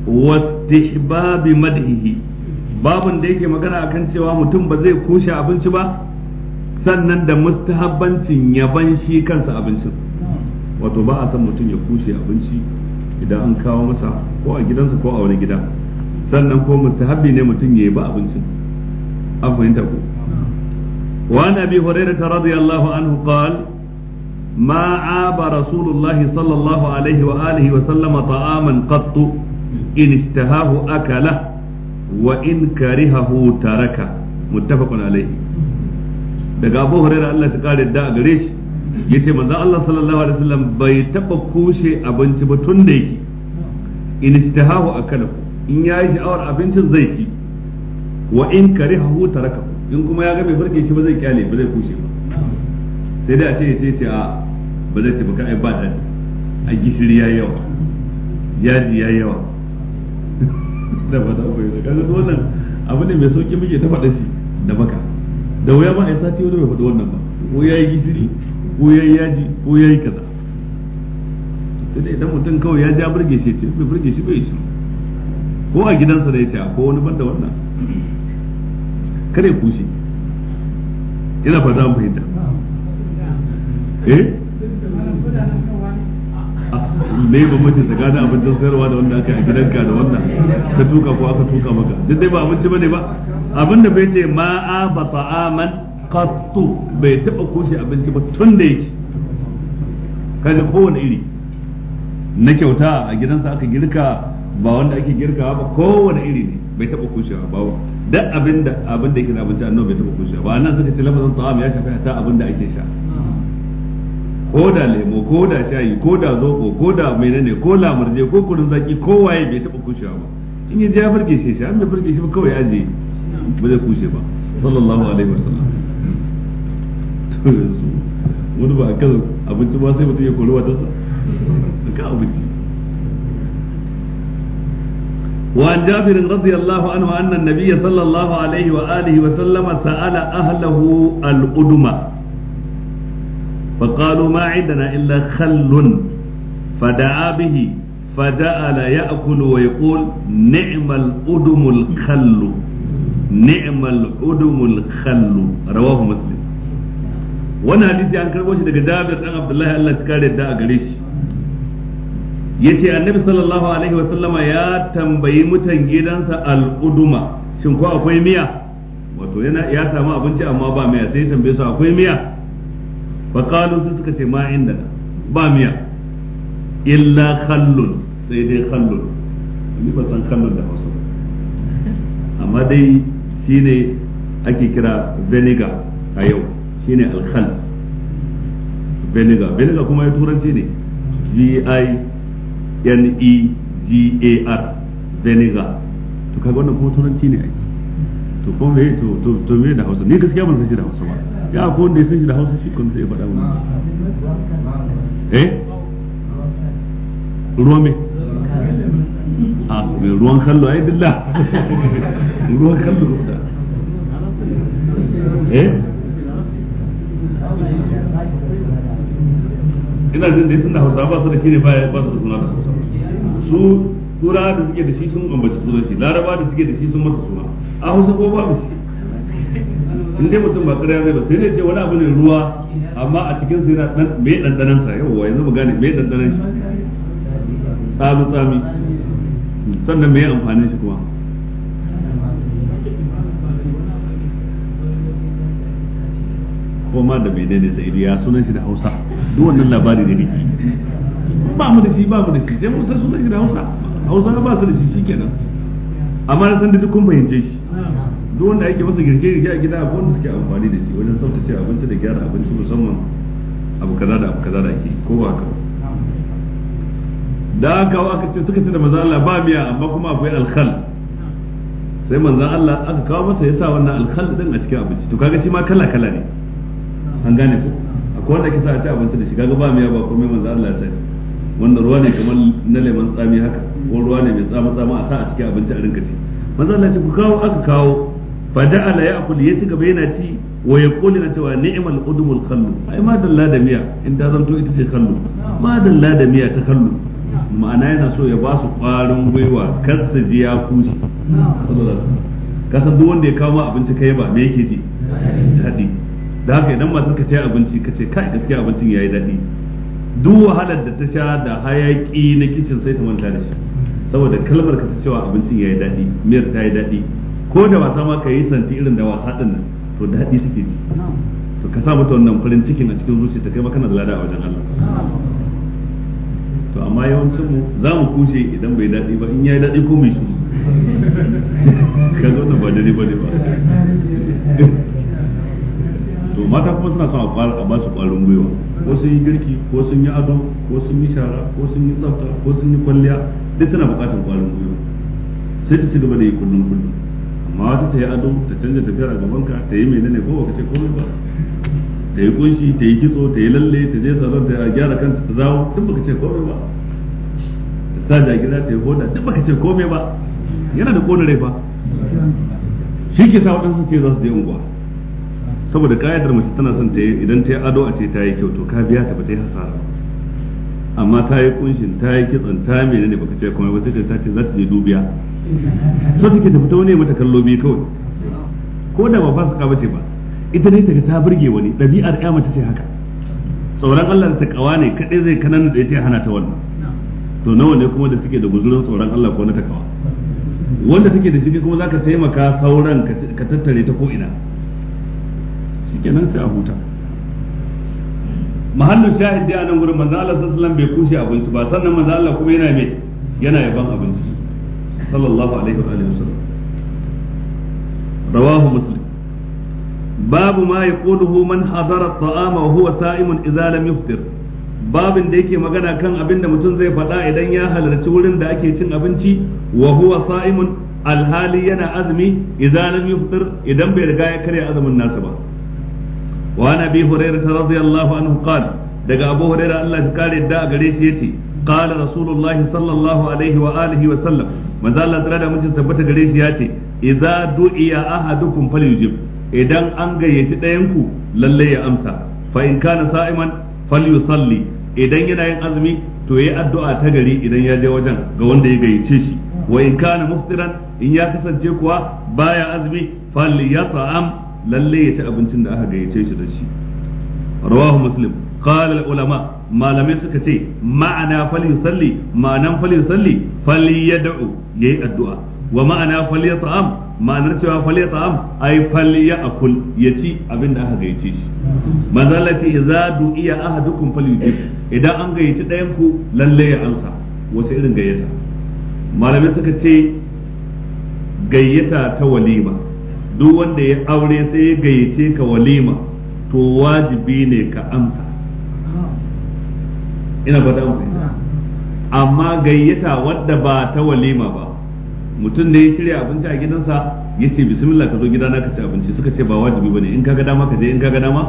wastihbabi madhihi babun da yake magana akan cewa mutum ba zai kushe abinci ba sannan da mustahabbancin yaban shi kansa abincin wato ba a san mutum ya kushe abinci idan an kawo masa ko a gidansa ko a wani gida sannan ko mustahabbi ne mutum ya yaba abincin an fahimta ko وعن ابي هريره رضي الله عنه قال ما عاب رسول الله صلى الله عليه واله وسلم طعاما قط ان اشتهاه اكله وان كرهه تركه متفق عليه daga Abu hurera Allah shi kare da gare shi yace maza Allah sallallahu alaihi wasallam bai taba kushe abinci ba tun da yake in a kanaku in yi sha'awar abincin zai ci wa in kare ta raka in kuma ya gami farke shi ba zai kyale ba zai kushe ba sai dai a ce ya ce a ba zai ce ba kai ba dadi a gishiri ya yawa yaji ya yawa da ba ta bai da kaga wannan abu ne mai sauƙi muke ta faɗa shi da baka da wuya ba a yi sati wani bai faɗi wannan ba ko ya yi gishiri ko ya yi yaji ko ya yi kaza sai da idan mutum kawai ya ja burge shi ce bai burge shi bai shi ko a gidansa da ya ce ko wani banda wannan kare kushi ina fata mu fahimta eh me ba mace tsakanin abincin sayarwa da wanda aka yi a gidanka da wannan ka tuka ko aka tuka maka duk dai ba abinci bane ba abinda bai ce ma a ba ta'aman qattu bai taba kushe abinci ba tun da yake kaga kowane iri na kyauta a gidansa aka girka ba wanda ake girkawa ba kowane iri ne bai taba kushewa ba duk abinda abinda yake na abinci annabi bai taba kushewa ba nan suka ce lafazin ta'am ya shafi hatta abinda ake sha ko da lemo ko da shayi ko da zoko ko da menene ko lamurje ko kurun zaki ko waye bai taba kushewa ba in ya je ya shi an bai burge shi ba kawai aje ba zai kushe ba sallallahu alaihi wasallam wani ba a kan abinci ba sai mutum ya kori watarsa a kan abinci وعن جابر رضي الله عنه أن النبي صلى الله عليه وآله وسلم سأل أهله الأدمى فقالوا ما عندنا إلا خل فدعا به فجعل يأكل ويقول نعم الأدم الخل ni'mal udumul khallu rawahu muslim wannan hadisi an karbo shi daga Jabir dan Abdullahi Allah ya kare da a gare shi yace annabi sallallahu alaihi wa sallama ya tambayi mutan gidansa al-uduma shin ko akwai miya wato yana ya samu abinci amma ba miya sai ya tambaye su akwai miya fa qalu su suka ce ma inda ba miya illa khallun sai dai khallun ni ba san khallun da Hausa amma dai shine ake kira vinegar a yau shine alkhal vinegar vinegar kuma ya turanci ne v i n e g a r vinegar to kaga wannan kuma turanci ne ai to kuma me to to to me da Hausa ni gaskiya ban san shi da Hausa ba ya ko wanda ya san shi da Hausa shi kun sai faɗa mun eh ruwan me a ah, ruwan kallo ai dilla ruwan kallo da eh ina jin dai da hausa ba su da shi ne ba su da suna da hausa su tura da suke da shi sun ambaci sunan shi laraba da suke da shi sun masa suna a hausa ko ba shi in dai mutum ba tsira zai ba sai dai ce wani abu ne ruwa amma a cikin sai na dan me dandanan sa yawa yanzu mu gane me dandanan shi tsami tsami sannan me amfani shi kuma ko ma da menene sa'idi ya sunan shi da Hausa duk wannan labari da nake ba mu da shi ba mu da shi sai mu san sunan shi da Hausa Hausa ba su da shi shikenan amma na san da duk kun fahimce shi duk wanda yake masa girke-girke a gida abu da suke amfani da shi wajen tsaftace abinci da gyara abinci musamman abu kaza da abu kaza da ake ko ba haka da aka aka ce suka ce da manzon Allah ba miya amma kuma akwai alkhal sai manzon Allah aka kawo masa yasa wannan alkhal din a cikin abinci to kaga shi ma kala kala ne an gane ko akwai wanda ake sa a ci abinci da shi ga ba mai ba komai manzo Allah ya sani wanda ruwa ne kamar na lemon tsami haka ko ruwa ne mai tsama tsama a sa a cikin abinci a rinka ci manzo Allah ya ce ku kawo aka kawo fa da ya'kul ya ci gaba yana ci wa ya yaqulu na cewa ni'mal udumul khallu ai ma dalla da miya in ta zanto ita ce khallu ma dalla da miya ta khallu ma'ana yana so ya ba su kwarin gwiwa kar su ji ya kushi kasan duk wanda ya kawo ma abinci kai ba me yake ji daɗi da haka idan masu ka cewa abinci ka ce kai gaskiya abincin yayi daɗi duk wahalar da ta sha da hayaki na kicin sai ta manta da shi saboda kalmar ka ta cewa abincin yayi daɗi miyar ta yi daɗi ko da wasa ma ka yi santi irin da wasa ɗin nan to daɗi suke ji to ka sa mutu wannan farin cikin a cikin zuciya ta kai maka na lada a wajen Allah to amma yawancin mu za mu kushe idan bai daɗi ba in yayi daɗi ko mai shi ka zo ba dare ba ne ba to mata kuma suna son a ba su kwarin gwiwa ko sun yi girki ko sun yi ado ko sun yi shara ko sun yi tsafta ko sun yi kwalliya duk tana bukatar kwarin gwiwa sai ta ci gaba da yi kullum kullum amma wata ta yi ado ta canza tafiyar a ka ta yi menene ko ka ce komai ba ta yi kunshi ta yi kitso ta yi lalle ta je salon ta gyara kanta ta zawo duk baka ce komai ba ta sa jagira ta yi hoda duk baka ce komai ba yana da kona rai ba shi ke sa waɗansu ce za su je unguwa saboda ka'idar mace tana son ta yi idan ta yi ado a ce ta yi kyau to ka biya ta ba ta yi hasara amma ta yi kunshin ta yi kitson ta menene ne baka ce kuma wasu ta ce za ta je dubiya so take ta fita wani mata kallo biyu kawai ko da ba fasika ce ba ita ne ta ta burge wani ɗabi'ar ya mace ce haka tsoron Allah da kawa ne kadai zai kanan da ya hana ta wannan to nawa ne kuma da suke da guzurin tsoron Allah ko na kawa? wanda take da shi kuma zaka taimaka sauran ka tattare ta ko ina shikenan sai a huta mahallin shahid dai a nan gurin manzo Allah sallallahu bai kushe abinci ba sannan manzo Allah kuma yana mai yana yaban abinci sallallahu alaihi wa alihi wasallam rawahu muslim babu ma yaquluhu man hadara at-ta'ama wa huwa sa'imun idza lam babin da yake magana kan abin da mutum zai faɗa idan ya halarci wurin da ake cin abinci wa huwa sa'imun alhali yana azumi idza lam yuftir idan bai riga ya karya azumin nasa ba wa nabi hurairah radiyallahu anhu qala daga abu hurairah Allah ya kare da gare shi yace qala rasulullah sallallahu alaihi wa alihi wa sallam manzo Allah da mun tabbata gare shi yace idza du'iya ahadukum falyujib idan an gayyaci ɗayan ku lalle ya amsa fa in kana sa'iman falyusalli idan yana yin azumi to yayi addu'a ta gari idan ya je wajen ga wanda ya gayyace shi wa in kana muftiran in ya kasance kuwa baya azumi falyat'am lalle ya ci abincin da aka gayyace shi da shi rawahu muslim qala ulama malamai suka ce ma'ana fal yusalli ma'anan fal yusalli fal yad'u yayi addu'a wa ma'ana fal yat'am ma'anar cewa fal yat'am ay fal ya'kul yaci abin da aka gayyace shi manzo idza du'iya ahadukum fal yujib idan an gayyaci ɗayan ku lalle ya amsa wasu irin gayyata malamai suka ce gayyata ta walima duk wanda ya aure sai ya gayyace ka walima to wajibi ne ka amsa ina ba da amma gayyata wadda ba ta walima ba mutum da ya shirya abinci a gidansa ya ce bismillah ka zo gidana ka ci abinci suka ce ba wajibi ba ne in ka ga dama ka je in ka ga dama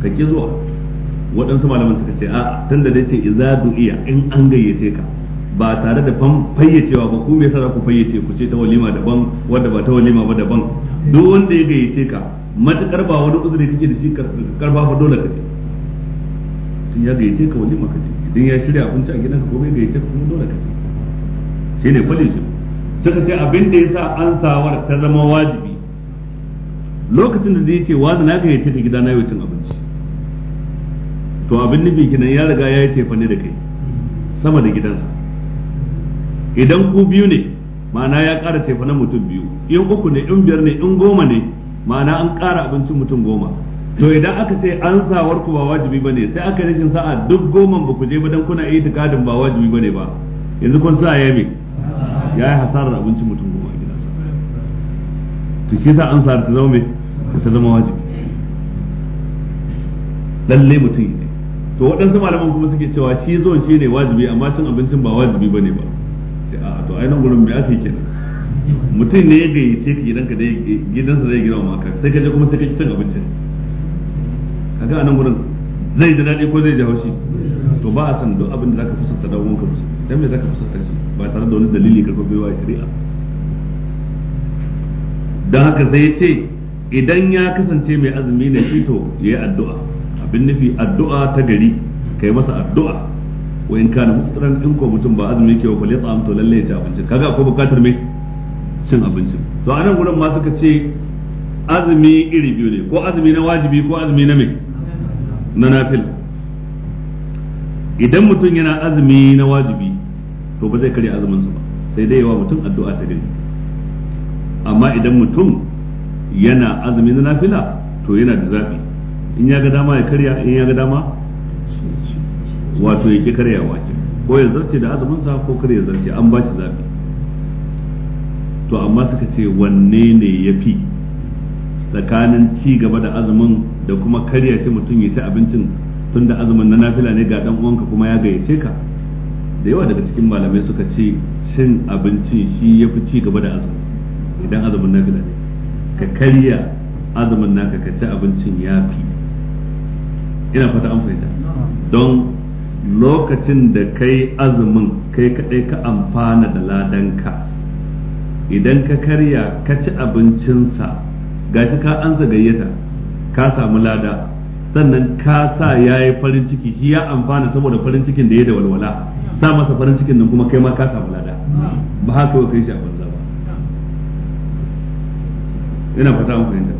ka ki zuwa waɗansu malaman suka ce a tun da ce iza du'iya in an gayyace ka ba tare da fayyacewa ba ku me yasa ku fayyace ku ce ta walima daban wadda ba ta walima ba daban duk wanda ya gayyace ka matukar ba wani uzuri kake da shi karba ba dole ka ce tun ya gayyace ka walima ka ce idan ya shirya abinci a gidanka ko bai gayyace ka kuma dole ka ce kwalin shi suka ce abin da yasa an sawar ta zama wajibi lokacin da zai ce wani na gayyace ka gida na yau cin abinci to abin nufin kinan ya riga ya yi cefane da kai sama da gidansa idan ku biyu ne ma'ana ya ƙara tefa na mutum biyu in uku ne in biyar ne in goma ne ma'ana an ƙara abincin mutum goma to idan aka ce an sawar ku ba wajibi bane sai aka rashin sa'a duk goman ba ku je ba dan kuna itikadin ba wajibi bane ba yanzu kun sa ya ya yi hasarar abincin mutum goma a gidansa to shi sa an sa'ar ta zama me ta zama wajibi lalle mutum to waɗansu malaman kuma suke cewa shi zo shi ne wajibi amma cin abincin ba wajibi bane ba a nan gurin me aka yi mutum ne ya gayyace ka gidanka da gidansa zai gina maka sai ka je kuma sai ka ci cin abincin kaga a nan gurin zai ji daɗi ko zai ji haushi to ba a san duk abin da zaka fusanta da wanka musu dan me zaka fusanta shi ba tare da wani dalili karfa wa shari'a dan haka sai ya ce idan ya kasance mai azumi ne fito ya yi addu'a abin nufi addu'a ta gari kai masa addu'a wa in kana muftaran in ko mutum ba azumi yake wa fal tsam to lalle ya ci abincin kaga akwai bukatar me cin abincin to anan gurin ma suka ce azumi iri biyu ne ko azumi na wajibi ko azumi na me na nafil idan mutum yana azumi na wajibi to ba zai karya azumin sa ba sai dai yawa mutum addu'a ta gani amma idan mutum yana azumi na nafila to yana da zabi in ya ga dama ya karya in ya ga dama wato ya karya karyawa ko ya zarce da azumin sa ko kar ya zarce an bashi shi zabi to amma suka ce wanne ne yafi tsakanin ci gaba da azumin da kuma karya shi mutum ya ci abincin tunda azumin na nafila ne ga dan uwanka kuma ya gayyace ka da yawa daga cikin malamai suka ce cin abincin shi ya fi ci gaba da azumin idan azumin na gida ne ka karya azumin naka ka ci abincin ya fi ina fata an fahimta don lokacin da kai azumin kai kaɗai ka amfana da ladanka idan ka karya ka ci abincinsa gashi ka an gayyata ka samu lada sannan ka sa ya yi farin ciki shi ya amfana saboda farin cikin da ya da walwala sa masa farin cikin nan kuma kai ma ka samu lada ba haka kai shi a banza ba ina fata an fahimta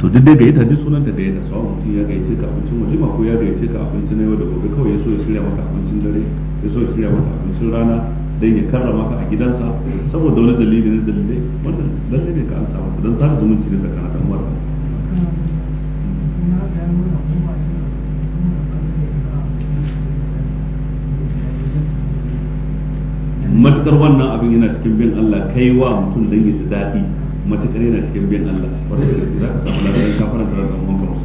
to duk dai gayyata duk sunan ta gayyata sawa mutum ya gaice ka abincin ma ko ya gaice ka abincin na yau da gobe kawai ya so ya shirya maka abincin dare ya so ya shirya maka abincin rana dan ya karrama ka a gidansa saboda wani dalili na dalilai wannan dalilai ne ka an samu dan sa zumunci ne tsakanin dan uwarka matukar wannan abin yana cikin bin Allah kai wa mutum dan ya ji daɗi matakar yana cikin bin Allah wanda su za ka samu lafiyar ka da ran wanka musu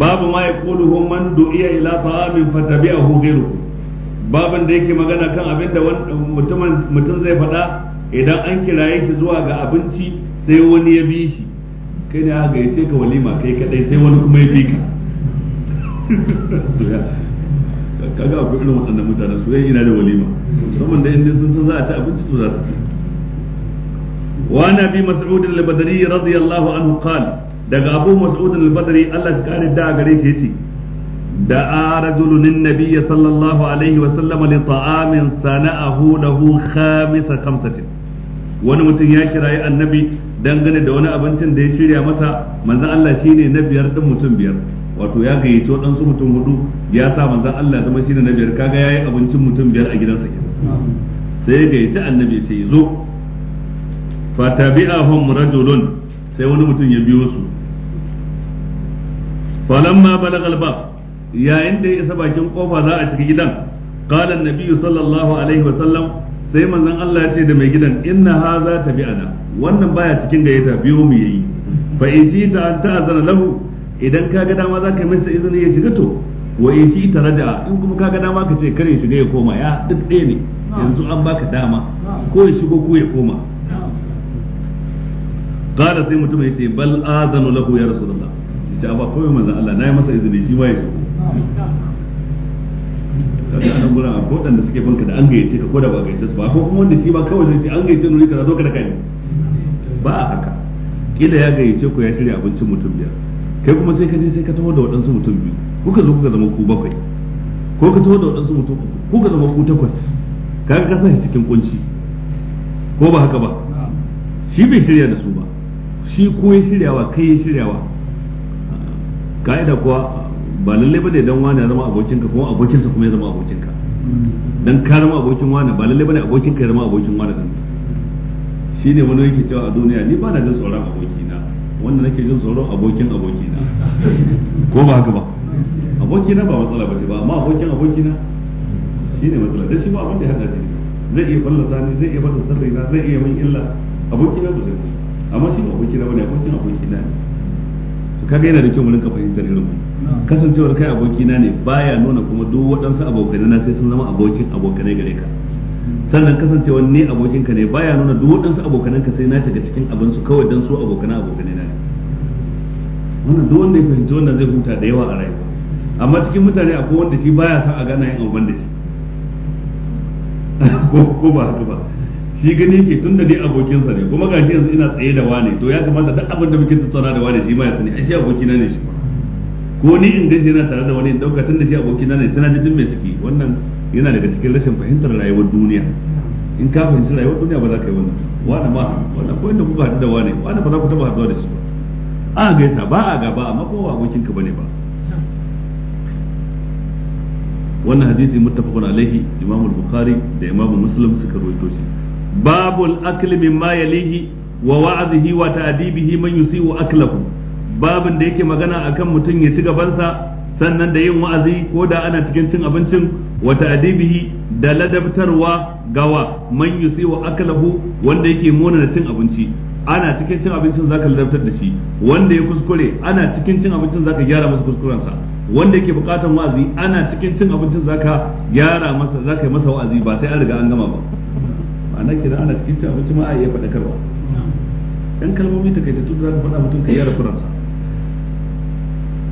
babu ma ya hu man du'iya ila ta'amin fatabi'ahu ghayruhu babin da yake magana kan abin da mutum zai faɗa idan an kiraye shi zuwa ga abinci sai wani ya bi shi kai ne aka ce ka walima kai kadai sai wani kuma ya bi ka kaga akwai irin waɗannan mutane su zai ina da walima musamman da inda sun san za a ci abinci to za su ci وعن ابي مسعود البدري رضي الله عنه قال دغ ابو مسعود البدري الله سكاري دا غري شيتي دعا رجل النبي صلى الله عليه وسلم لطعام صنعه له خامس خمسة wani mutum ya kirayi annabi dangane da wani abincin da ya shirya masa manzan Allah ne na biyar ɗin mutum biyar wato ya gayyaci waɗansu mutum hudu ya sa manzan Allah zama ne na biyar kaga yayi abincin mutum biyar a gidansa sai ya gayyaci annabi ce zo fa tabi'ahum rajulun sai wani mutum ya biyo su falamma balagha al yayin da ya isa bakin kofa za a shiga gidan qala an-nabi sallallahu alaihi wa sallam sai manzon Allah ya ce da mai gidan inna haza tabi'ana wannan baya cikin gayyata biyo mu yayi fa in shi ta an ta'azana lahu idan ka ga dama za ka masa izini ya shiga to wa in shi ta raja in kuma ka ga dama ka ce kare shiga ya koma ya duk ɗaya ne yanzu an baka dama ko ya shigo ko ya koma qala sai mutum yace bal azanu lahu ya rasulullah yace ba kawai manzon Allah nayi masa izini shi ma yace kaga gura ko akwai da suke banka da an gayyace ka ko da ba gayyace su ba ko kuma wanda shi ba kawai zai ce an gayyace nuri ka zo ka da kai ba a haka kila ya gayyace ku ya shirya abincin mutum biyar kai kuma sai ka je sai ka taho da waɗansu mutum biyu kuka zo kuka zama ku bakwai ko ka taho da waɗansu mutum kuka zama ku takwas kaga ka sa shi cikin kunci ko ba haka ba shi bai shirya da su ba shi ko ya shiryawa kai ya shiryawa ka'ida kuwa ba lalle bane dan wani ya zama abokinka kuma abokinsa kuma ya zama abokinka dan ka zama abokin wani ba lalle bane abokinka ya zama abokin wani dan shi ne wani yake cewa a duniya ni ba na jin tsoron abokina wanda nake jin tsoron abokin abokina ko ba haka ba abokina ba matsala ba ce ba amma abokin abokina shi ne matsala dan shi ba abin da ya hada shi zai iya fallasa ni zai iya fallasa sirrina zai iya min illa abokina ba zai amma shi ba abokina bane abokin abokina ne to kaga yana da kyau mu rinka fahimtar irin mu kasancewar kai abokina ne baya nuna kuma duk waɗansu abokanai na sai sun zama abokin abokanai gare ka sannan kasancewar ne abokinka ne baya nuna duk waɗansu abokanan ka sai na shiga cikin abin su kawai dan su abokanan abokanai na ne wannan duk wanda ya fahimci wannan zai huta da yawa a rayuwa amma cikin mutane akwai wanda shi baya son a gana yin abubuwan da shi ko ba haka ba shi gani yake tun da dai abokinsa ne kuma gashi yanzu ina tsaye da wane to ya kamata duk abin da muke tattauna da wane shi ma ya sani shi abokina ne shi ko ni in gashi yana tare da wani in dauka tun da shi abokina ne sana jin mai ciki wannan yana daga cikin rashin fahimtar rayuwar duniya in ka fahimci rayuwar duniya ba za ka yi wannan wane ma wannan ko inda kuka haɗu da wani wane ba za ku taɓa haɗuwa da shi ba a gaisa ba a gaba amma kowa ka bane ba wannan hadisi muttafaqun alaihi imamu bukhari da imamu muslim suka rawaito shi باب akli مما يليه wa wa'azihi wa يسيء man باب aklahu babin da yake magana akan mutum ya ci gabansa sannan da yin wa'azi ko da ana cikin cin abincin wa ta'dibihi da ladabtarwa gawa man wa aklahu wanda yake mona da cin abinci ana cikin cin abincin zaka ladabtar da shi wanda ya kuskure ana cikin cin abincin zaka gyara masa kuskurensa wanda yake bukatan wa'azi ana cikin cin abincin zaka gyara masa zaka yi masa wa'azi ba sai an riga an gama ba ma'ana kenan ana cikin cin abinci ma a iya faɗakarwa yan kalmomi ta takaitattu da za ka faɗa mutum ka yi rafuransa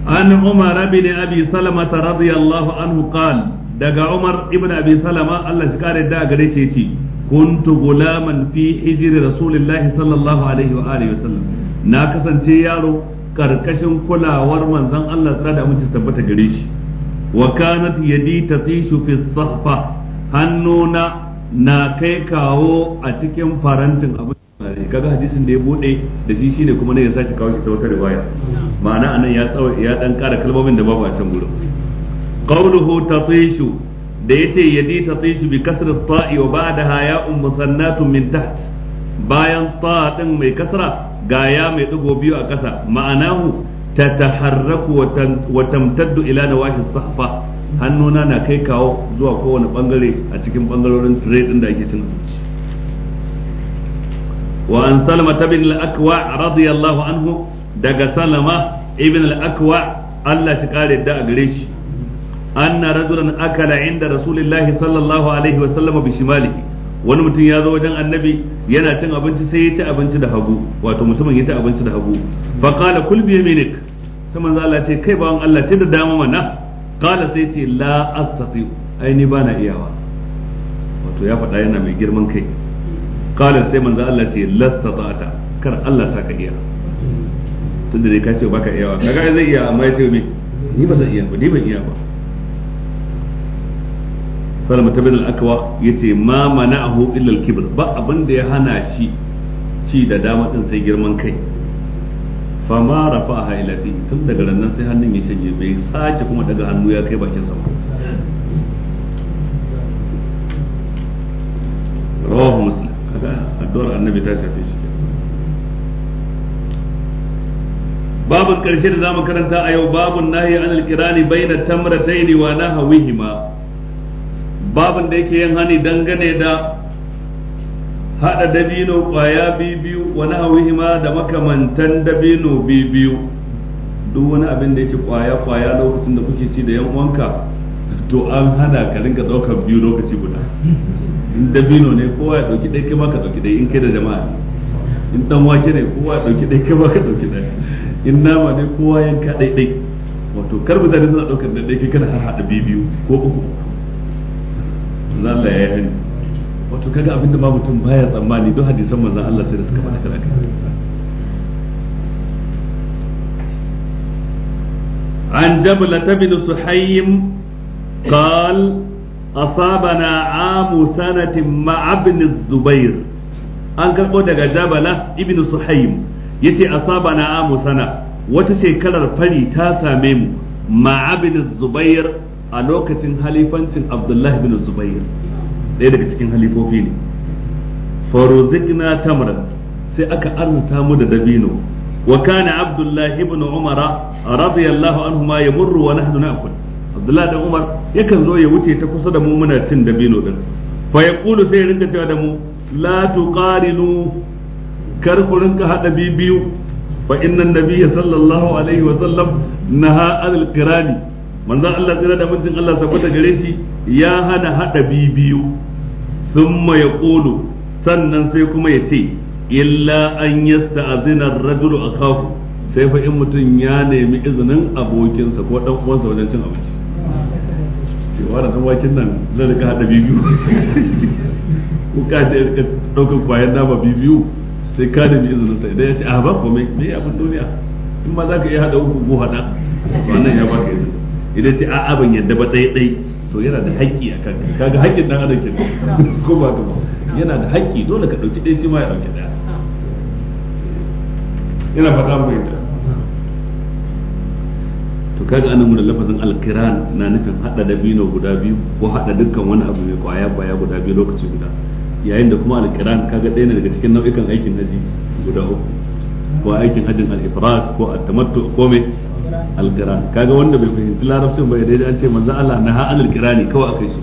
an umar bin abi salama radiyallahu anhu qal daga umar ibn abi salama Allah shi kare da gare shi yace kuntu gulaman fi hijri rasulillahi sallallahu alaihi wa alihi wasallam na kasance yaro karkashin kulawar manzon Allah tsara da mutunci tabbata gare shi wa kanat yadi tatishu fi sahfa hannuna na kai kawo a cikin farantin abin ne kaga hadisin da ya bude da shi shine kuma ne ya sake kawo shi ta wata riwaya ma'ana anan ya tsawo ya dan kara kalmomin da babu a can gurin qawluhu tatishu da yace yadi tatishu bi kasra ta'i wa ba'daha ya'un musannatun min taht bayan ta din mai kasra ga ya mai dugo biyu a kasa ma'anahu tataharraku wa tamtaddu ila nawahi sahfa hannuna na kai kawo zuwa kowane bangare a cikin bangarorin tire din da ake cin abinci wa an salama bin al-akwa radiyallahu anhu daga salama ibn al-akwa Allah shi kare da a gare shi anna rajulan akala inda rasulillahi sallallahu alaihi wa sallam bi shimali wani mutum ya zo wajen annabi yana cin abinci sai ya ci abinci da hagu wato mutumin ya ci abinci da hagu fa qala kul bi yaminik sai manzo Allah ce kai bawon Allah ce da dama mana qala sai ce la astati aini bana iyawa wato ya faɗa yana mai girman kai qala sai manzo Allah ce lastata'ata kar Allah sa ka iya tunda dai ka ce ba baka iyawa kaga zai iya amma ya ce me ni ba zan iya ba ni ban iya ba salama ta bin al'akawa ya ce ma mana'ahu illa al-kibr ba abin da ya hana shi ci da dama din sai girman kai fa ma a ila fi tun daga rannan sai hannun ya shige bai sake kuma daga hannu ya kai bakin sama rawahu muslim kaga addu'ar annabi ta shafe shi babin karshe da zamu karanta a yau babun nahi anil kirani baina tamratayn wa nahawihima babin da yake yin hani dangane da hada dabino kwaya biyu wani hauhima da makamantan dabino biyu duk wani abin da yake kwaya kwaya lokacin da kuke ci da yan uwanka to an hana ka rinka daukar biyu lokaci guda in dabino ne kowa ya dauki dai kai ma ka dauki ɗaya in kai da jama'a in dan wake ne kowa ya dauki dai kai ma ka dauki ɗaya in nama ne kowa yanka ɗaya ɗaya wato kar mutane suna daukar dai kai kana har hada biyu ko uku Allah ya yi to kaga abinda ma mutum baya tsammani don hadisan manzon Allah sai da suka faɗa kala kai عن جبلة بن سحيم قال أصابنا عام سنة مع ابن الزبير an karɓo daga jabala ibn suhaim yace ce asaba na amu sana wata shekarar fari ta same mu ma ma'abin zubair a lokacin halifancin abdullahi bin zubair ɗaya daga cikin halifofi ne faruzikna tamran sai aka arzuta mu da dabino wa kana abdullahi ibn umara radiyallahu anhu ma yamurru wa nahnu na'kul abdullahi dan umar yakan zo ya wuce ta kusa da mu muna cin dabino din fa yaqulu sai rinka cewa da mu la tuqarinu kar ku rinka hada bibiyu fa inna nabiyya sallallahu alaihi wa sallam naha anil qirani manzon Allah tsira da mutum Allah tabbata gare shi ya hana hada bibiyu thumma yaqulu sannan sai kuma ya ce illa an yasta'zina ar-rajulu akhahu sai fa in mutum ya nemi izinin abokinsa ko dan uwansa wajen cin abinci cewa da dan wakin nan zai rika hada bibiyu ko ka da rika daukar kwayan nama bibiyu sai ka nemi izinin sa idan ya ce a ba ko me me abin duniya in ma za ka iya hada uku ko hada wannan ya baka izini idan ce a'a ban yadda ba tsaye tsaye to yana da haƙƙi a kanka kaga haƙƙin dan adam ke ko ba ka ba yana da haƙƙi dole ka dauki dai shi ma ya dauki ɗaya yana fata mu yadda to kaga anan mu da lafazin alkiran na nufin hada da bino guda biyu ko hada dukkan wani abu mai kwaya kwaya guda biyu lokaci guda yayin da kuma alkiran kaga ɗaya ne daga cikin nau'ikan aikin haji guda uku ko aikin hajjin al-ifrat ko at-tamattu ko me alkira kaga wanda bai fahimci larabcin ba dai an ce manzo Allah na ha anil kirani kawai akai shi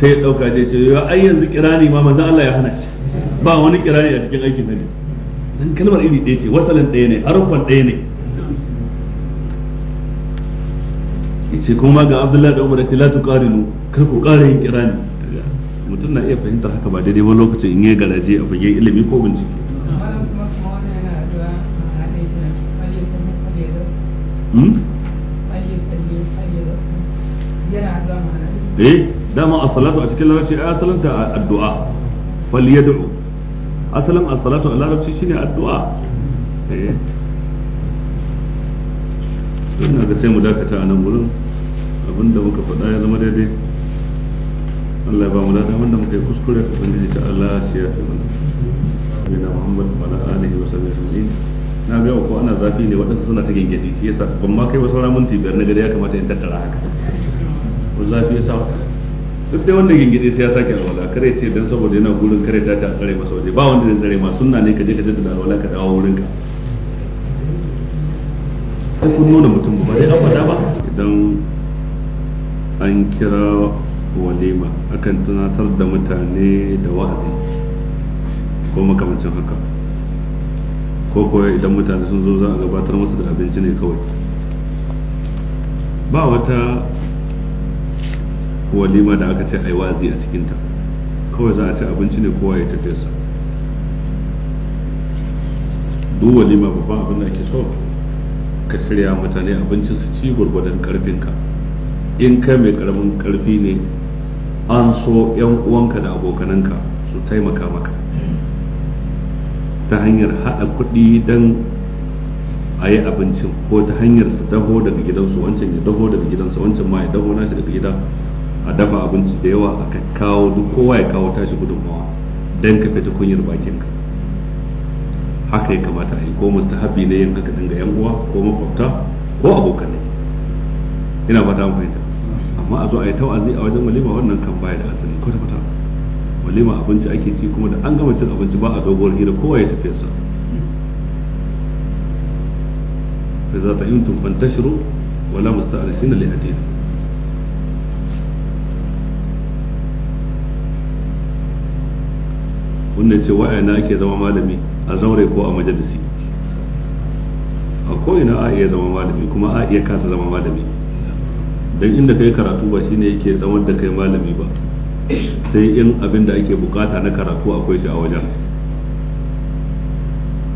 sai ya dauka dai ce yo ai yanzu kirani ma manzo Allah ya hana shi ba wani kirani a cikin aikin nan dan kalmar iri ɗaya ce wasalin daya ne harfan daya ne yace kuma ga Abdullahi da Umar ya ce la tuqarinu kar ku ƙara yin kirani mutum na iya fahimtar haka ba daidai ba lokacin in yi garaje a fage ilimi ko bincike Hmm? eh dama as-salatu a cikin larabci ai asalanta addu'a asalin as-salatu a larabci shine addu'a eh ina ga sai mu dakata a nan wurin abinda muka faɗa ya zama daidai Allah ya ba mu ladan wanda muka yi kuskure ubangiji ta Allah shi ya fi mana Muhammad wa ala alihi wa na ga ko ana zafi ne waɗansu suna ta gengedi shi yasa ban ma kai wasu ramunti biyar na gari ya kamata in tattara haka ko zafi yasa duk dai wanda gengedi sai ya sake alwala kare ce dan saboda yana gurin kare ta ta tsare masa waje ba wanda zai tsare ma sunna ne ka je ka jaddada alwala ka dawo wurin ka sai kun nuna mutum ba dai an ba idan an kira walima akan tunatar da mutane da wa'azi ko makamancin haka ko kuwa idan mutane sun zo za a gabatar musu da abinci ne kawai ba wata walima da aka ce yi wazi a cikinta kawai za a ci abinci ne kowa ya tafi sa duk walima babban abin da ake so ka shirya mutane abinci su ci gwargwadon karfinka in kai mai karamin karfi ne an so yan uwanka da abokananka su taimaka maka ta hanyar haɗa kuɗi don a yi abincin ko ta hanyar su taho daga gidansu wancan ya taho daga gidansa wancan ma ya taho nashi daga gida a dafa abinci da yawa a kawo duk kowa ya kawo tashi gudunmawa don ka fita kunyar bakinka haka ya kamata a yi ko habi ne yin haka dinga yan uwa ko makwabta ko ne ina fata an fahimta amma a zo a yi tawazi a wajen walima wannan kan baya da asali kwata-kwata walima abinci ake ci kuma da an gama cin abinci ba a dogon hira kowa ya tafi sa fa za ta yuntum fantashiru wala musta'alisina li hadith wannan ce na ake zama malami a zaure ko a majalisi a ko'ina a iya zama malami kuma a iya kasa zama malami don inda kai karatu ba shine yake zama da kai malami ba sai in abin da ake bukata na karatu akwai shi a wajen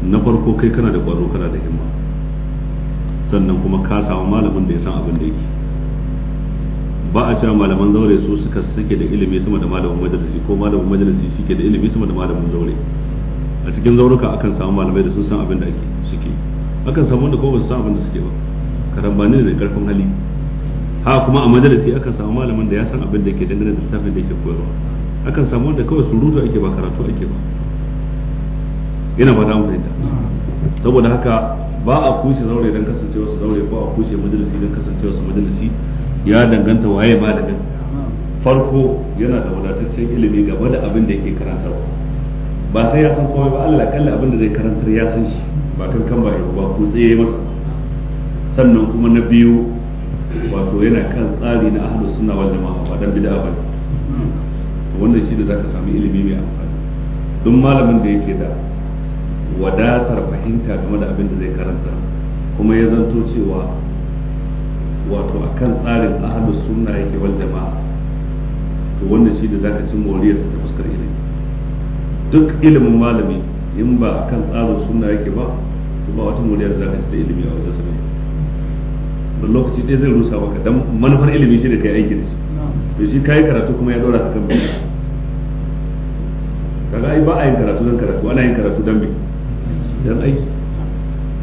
na farko kai kana da kwazo kana da himma sannan kuma ka samu malamin da ya san abin da yake ba a cewa malaman zaure su suka suke da ilimi sama da malamin majalisi ko malamin majalisi suke da ilimi sama da malamin zaure a cikin zauruka akan samu malamai da sun san abin da ake suke akan samu wanda ko ba su san abin da suke ba karambani ne da karfin hali ha kuma a majalisi akan samu malamin da ya san abin da ke dangane da littafin da yake koyarwa akan samu wanda kawai surutu ake ba karatu ake ba yana ba damu fahimta saboda haka ba a kushe zaure don kasancewa su zaure ba a kushe majalisi don kasancewa su majalisi ya danganta waye ba malamin farko yana da wadataccen ilimi game da abin da yake karantarwa ba sai ya san komai ba Allah kalla abin da zai karantar ya san shi ba kan kan ba ba ku tsaye masa sannan kuma na biyu wato yana kan tsari na ahlus sunna wal jama'a ba dan bid'a ba to wannan shi da zaka samu ilimi mai amfani duk malamin da yake da wadatar fahimta game da abin da zai karanta kuma ya zanto cewa wato akan tsarin ahlus sunna yake wal jama'a to wannan shi da zaka cin moriyar ta fuskar ilimi duk ilimin malami in ba akan tsarin sunna yake ba ba wata moriyar zaka ci da ilimi a wajen sa da lokaci ɗaya zai rusa maka dan manufar ilimi shi da kai aiki da shi to shi kai karatu kuma ya dora hakan bai kaga ai ba a yin karatu dan karatu ana yin karatu dan me dan aiki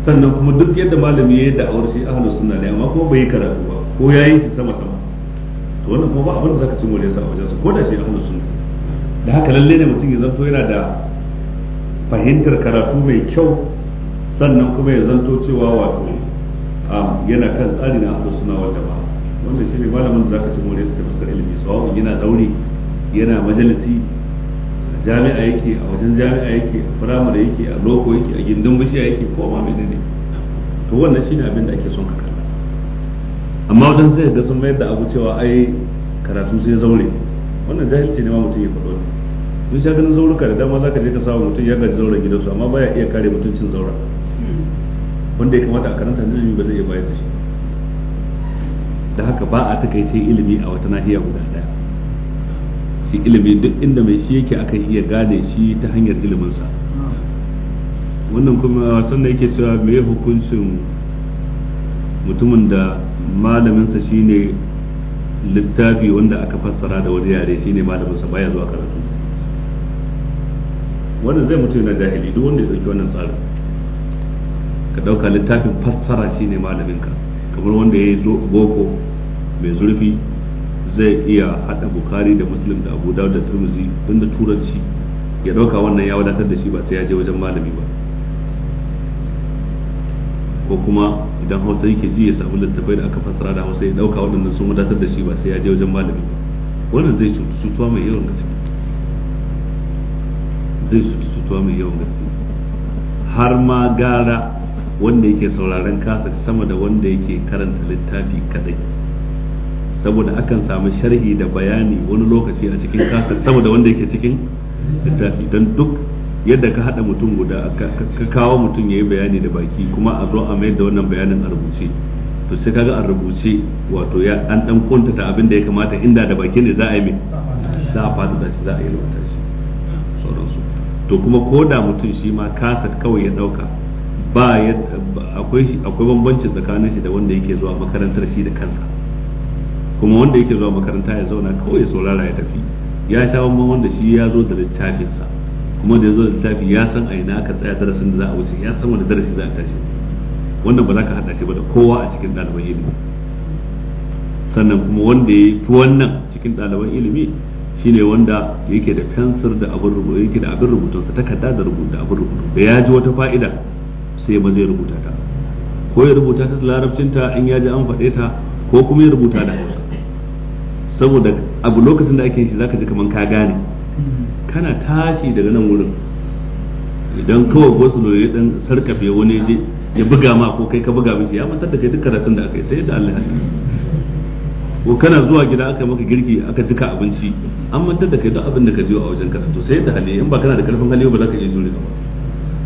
sannan kuma duk yadda malami ya yi da'awar shi ahlus sunna ne amma kuma bai yi karatu ba ko ya yi shi sama sama to wannan kuma ba abin da zaka ci mu sa a wajen su ko da shi ahlus sunna da haka lalle ne mutum ya zanto yana da fahimtar karatu mai kyau sannan kuma ya zanto cewa wato a yana kan tsari na ahlus sunna wal jama'a wanda shi ne malamin da zaka ci more su ta fuskar ilimi sawa'un yana zaure yana majalisi a jami'a yake a wajen jami'a yake a firamare yake a loko yake a gindin bishiya yake ko ma mai ne to wannan ne abin da ake son ka kalla amma wadan zai ga sun mayar da abu cewa ai karatu sai zaure wannan jahilci ne ma mutum ya faɗo ne mun sha ganin zaurinka da dama zaka je ka samu mutum ya gaji zauren gidansu amma baya iya kare mutuncin zauren wanda ya kamata a karanta ilimi ba zai iya bayar da shi da haka ba a takaice ilimi a wata nahiya guda daya shi ilimi duk inda mai shi yake aka iya gane shi ta hanyar iliminsa wannan kuma sannan yake cewa me hukuncin mutumin da malaminsa shine littafi wanda aka fassara da wani yare shine malaminsa baya zuwa karatu wannan zai mutu na jahili duk wanda ya dauki wannan tsarin ka dauka littafin fassara shine ne malaminka kamar wanda ya yi boko mai zurfi zai iya hada bukari da muslim da abu da turmuzi inda turanci ya dauka wannan ya wadatar da shi ba sai ya je wajen malami ba ko kuma idan hausa yake ji ya samu littafai da aka fassara da hausa ya dauka waɗannan sun wadatar da shi ba sai ya je wajen malami ba wannan zai cutu cutuwa mai yawan gaske zai cutu cutuwa mai yawan gaske har ma gara wanda yake sauraron kasa sama da wanda yake karanta littafi kadai saboda akan samu sharhi da bayani wani lokaci a cikin kasa sama da wanda yake cikin littafi don duk yadda ka hada mutum guda ka kawo mutum ya yi bayani da baki kuma a zo a mayar da wannan bayanin a rubuce to sai kaga a rubuce wato ya an dan kuntata abin da ya kamata inda da baki ne za a yi mai za a fata da shi za a yi rubuta shi sauransu to kuma ko da mutum shi ma kasa kawai ya dauka ba akwai akwai bambanci tsakanin shi da wanda yake zuwa makarantar shi da kansa kuma wanda yake zuwa makaranta ya zauna kawai ya saurara ya tafi ya sha bamban wanda shi ya zo da littafinsa kuma da ya zo da littafi ya san a ina aka tsaya darasin da za a wuce ya san wani darasi za a tashi wannan ba za ka haɗa shi ba da kowa a cikin ɗaliban ilimi sannan kuma wanda ya fi wannan cikin ɗaliban ilimi shine wanda yake da fensir da abin rubutu yake da abin rubutunsa takarda da rubutu da abin rubutu da ya ji wata fa'ida sai ba zai rubuta ta ko ya rubuta ta da larabcinta in ya ji an faɗe ta ko kuma ya rubuta da hausa saboda abu lokacin da ake shi zaka ji kaman ka gane kana tashi daga nan wurin idan kawai gosulo lori dan sarkafe wani je ya buga ma ko kai ka buga mishi ya matar da kai duk karatun da aka yi sai da Allah ko kana zuwa gida aka maka girki aka cika abinci an mantar da kai duk abin da ka jiyo a wajen karatu sai da hali in ba kana da karfin hali ba za ka iya jure ba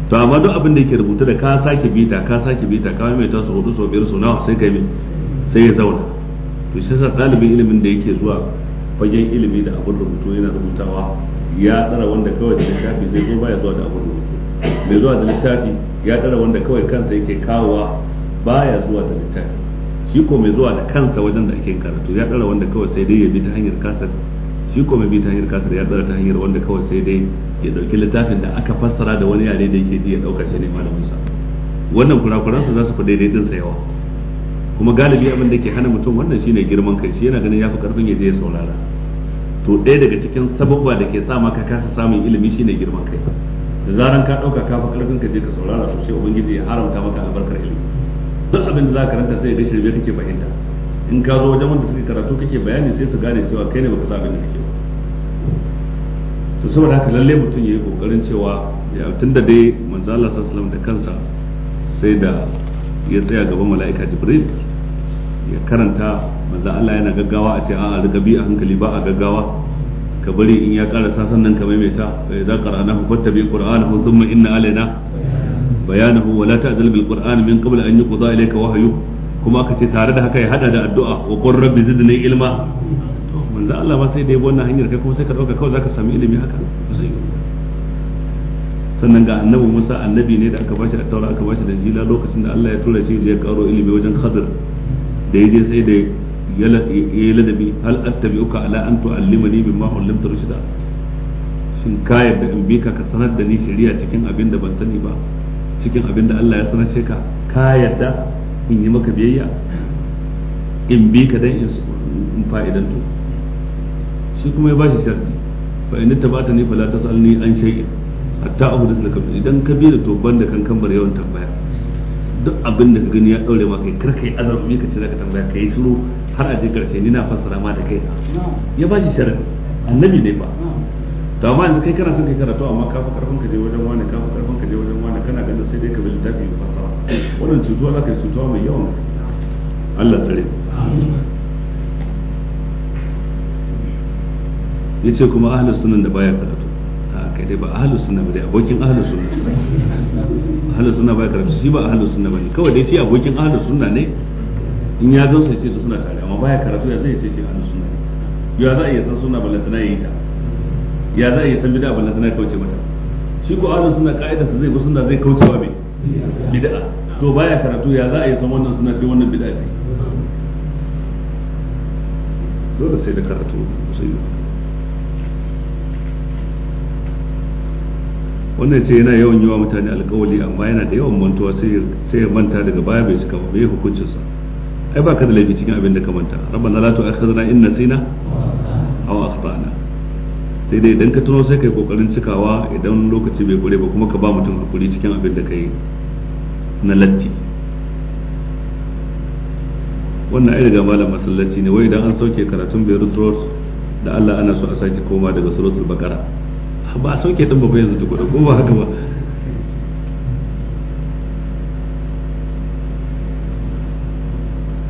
to amma duk abin da yake rubuta da ka sake bita ka sake bita ka mai ta su hudu so biyar so nawa sai kai sai ya zauna to shi sa ɗalibin ilimin da yake zuwa fagen ilimi da abin rubutu yana rubutawa ya tsara wanda kawai da littafi zai zo baya zuwa da abin rubutu mai zuwa da littafi ya tsara wanda kawai kansa yake kawowa baya zuwa da littafi shi ko mai zuwa da kansa wajen da ake karatu ya tsara wanda kawai sai dai ya bi ta hanyar kasa shi kuma bi ta hanyar kasar ya tsara ta hanyar wanda kawai sai dai ya dauki littafin da aka fassara da wani yare da yake ji ya dauka shi ne malamin sa wannan kurakuran su za su fi daidai din sa yawa kuma galibi abin da ke hana mutum wannan shine girman kai shi yana ganin yafi karfin ya je ya saurara to ɗaya daga cikin sababba da ke sa maka kasa samun ilimi shine girman kai da zaran ka dauka ka fa karfin ka je ka saurara to sai ubangiji ya haramta maka albarkar ilimi duk abin da zaka ranta sai ya ga kake fahimta in ka zo wajen wanda suke karatu kake bayani sai su gane cewa kai ne baka sa abin da kake ba to saboda haka lalle mutum ya yi kokarin cewa ya tunda dai manzo Allah sallallahu da kansa sai da ya tsaya gaban mala'ika Jibril ya karanta manzo Allah yana gaggawa a ce a rika bi a hankali ba a gaggawa ka bari in ya karasa nan ka maimaita fa idza qara'nahu fattabi qur'anahu thumma inna alaina bayanahu wa la ta'zal bil qur'an min qabl an yuqda ilayka wahyu kuma aka ce tare da haka ya hada da addu'a wa qur rabbi zidni ilma to manzo Allah ma sai da wannan hanyar kai kuma sai ka dauka kawai zaka sami ilimi haka sannan ga annabi Musa annabi ne da aka bashi attaura aka bashi da jila lokacin da Allah ya tura shi je ya karo ilimi wajen Khadir da yaje sai da ya ladabi hal attabi'uka ala an tu'allimani mimma ullimta rushda shin ka yadda in bi ka ka sanar da ni shari'a cikin abin da ban sani ba cikin abin da Allah ya sanar ka ka in yi maka biyayya in bi ka dan in to shi kuma ya ba shi sharti fa in tabata ni fala tasalni an shay'in hatta abu da idan ka bi da to banda kan kan bar yawan tambaya duk abin da ka gani ya daure maka kar kai azarbi ka ce ka tambaya kai shiru har a je karshe ni na fassara ma da kai ya shi sharti annabi ne ba. to amma yanzu kai kana son kai karatu amma kafa karfin ka je wajen wani kafa karfin ka je wajen wani kana ganin sai dai ka bi littafi ya fasa wannan cutuwa za ka yi cutuwa mai yawan gaske Allah tsare ce kuma ahlus sunan da baya karatu a kai dai ba ahlus sunna ba dai abokin ahlus sunna ahlus sunna baya karatu shi ba ahlus sunna bane kawai dai shi abokin ahlus sunna ne in ya zo sai sai suna tare amma baya karatu ya zai ce shi ahlus sunna ne ya za a iya san suna ballantana yi ta ya za a yi san bid'a da tana kauce mata shi ko ahlus suna kaida su zai bi sunna zai kauce wa mai bid'a to baya karatu ya za a yi san wannan suna ce wannan bid'a ce dole sai da karatu sai wannan ce yana yawan wa mutane alkawali amma yana da yawan mantuwa sai ya manta daga baya bai cika ba bai hukuncinsa ai ba ka da laifi cikin abin da ka manta rabbana la tu'akhidhna in nasina sai dai idan ka tuno sai kai kokarin cikawa idan lokaci bai kure ba kuma ka ba mutum hakuri cikin abin da kai na latti wannan ai daga malam masallaci ne wai idan an sauke karatun Beirut Road da Allah ana so a sake koma daga suratul baqara ba a sauke din ba yanzu da ko ba haka ba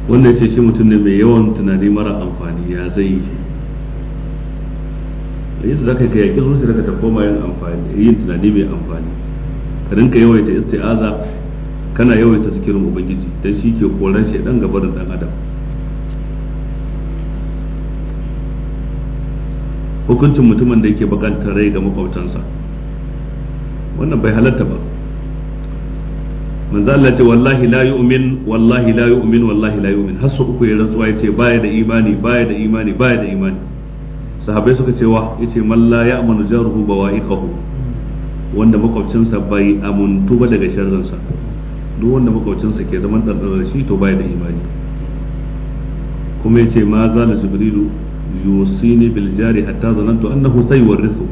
wannan ce shi mutum ne mai yawan tunani mara amfani ya zai yi yadda za ka yi kayakin yaƙi daga ta koma yin amfani yin tunani mai amfani ka rinka yawaita isti'aza kana yawaita zikirin ubangiji dan shi ke koran dan gaba da dan adam hukuncin mutumin da yake bakantar rai ga makwabtansa wannan bai halatta ba manzo Allah ce wallahi la yu'min wallahi la yu'min wallahi la yu'min har uku ya rantsuwa ya ce baya da imani baya da imani baya da imani sahabai suka ce wa yace man la ya'manu jaruhu bawa'iqahu wanda makwabcinsa bai amuntu ba daga sharrinsa duk wanda makwabcinsa ke zaman ɗanɗanar shi to bai da imani kuma yace ma da jibrilu yusini bil jari hatta zanantu annahu rizu.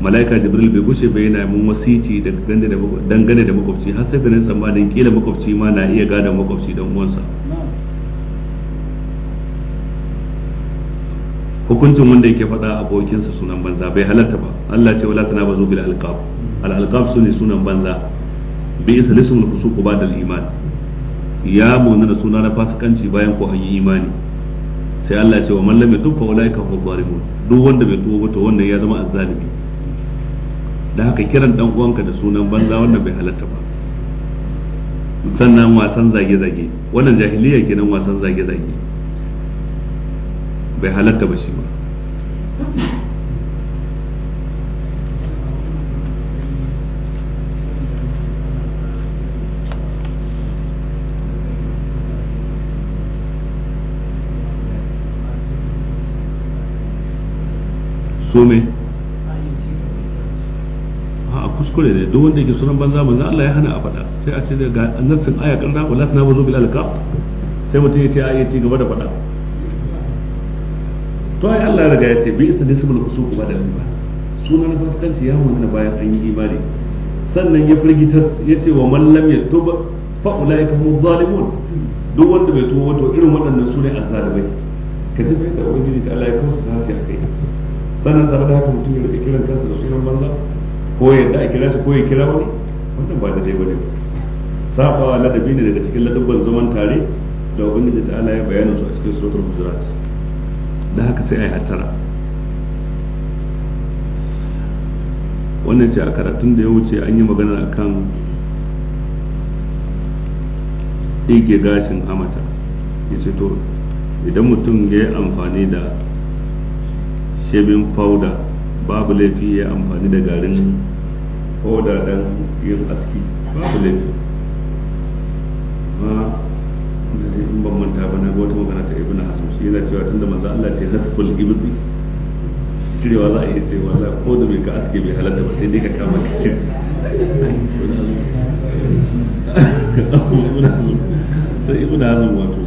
malaika jibril bai gushe bai yana mun wasici dangane da makwabci har sai da nan tsammanin kila makwabci ma na iya gadon makwabci dan uwansa hukuncin wanda yake faɗa abokinsa sunan banza bai halatta ba Allah ce wala tana bazu bil alqab al alqab sune sunan banza bi isa lismul fusuq ba'da al iman ya munana suna na fasikanci bayan ko an yi imani sai Allah ce wa man lam yatub fa ulaika hum duk wanda bai tuba ba to wannan ya zama azzalimi da haka kiran dan uwanka da sunan banza wannan bai halatta ba sannan wasan zage-zage wannan jahiliya kenan wasan zage-zage bai halatta ba shi ba so a kuskure ne duk wanda yake sunan banza banza Allah ya hana a faɗa sai a ce ga nassin aya karna wala tanabazu bil alqa sai mutum ya ce a yi ci gaba da faɗa bayan Allah riga ya ce bi isa nisbul fusuq ba da ba sunan fuskanci ya na bayan an yi imani sannan ya firgitar ya ce wa mallam ya tuba fa ulaika hum zalimun duk wanda bai tuba to irin waɗannan sune azzalimai ka ji bai da ubangiji ta Allah ya kawo su sasi a kai sannan tare da haka mutum ya rika kiran kansa da sunan banza ko yadda a kira shi ko ya kira wani wannan ba da dai bane sabawa ladabi ne daga cikin ladabban zaman tare da ubangiji ta Allah ya bayyana su a cikin suratul hujurat da haka sai a yi wannan ce a karatun da ya wuce an yi magana a kan ɗige gashin amata ya ce to idan mutum ya yi amfani da shebin fauda babu laifi ya amfani da garin fauda don yin aski babu laifi in ban manta ba na wata magana ta ibn hazm shi yana cewa tunda manzo Allah ce hatful ibti cirewa za a iya cewa za ko da bai ka aske bai halatta ba sai dai ka kama ka cire sai ibn hazm wato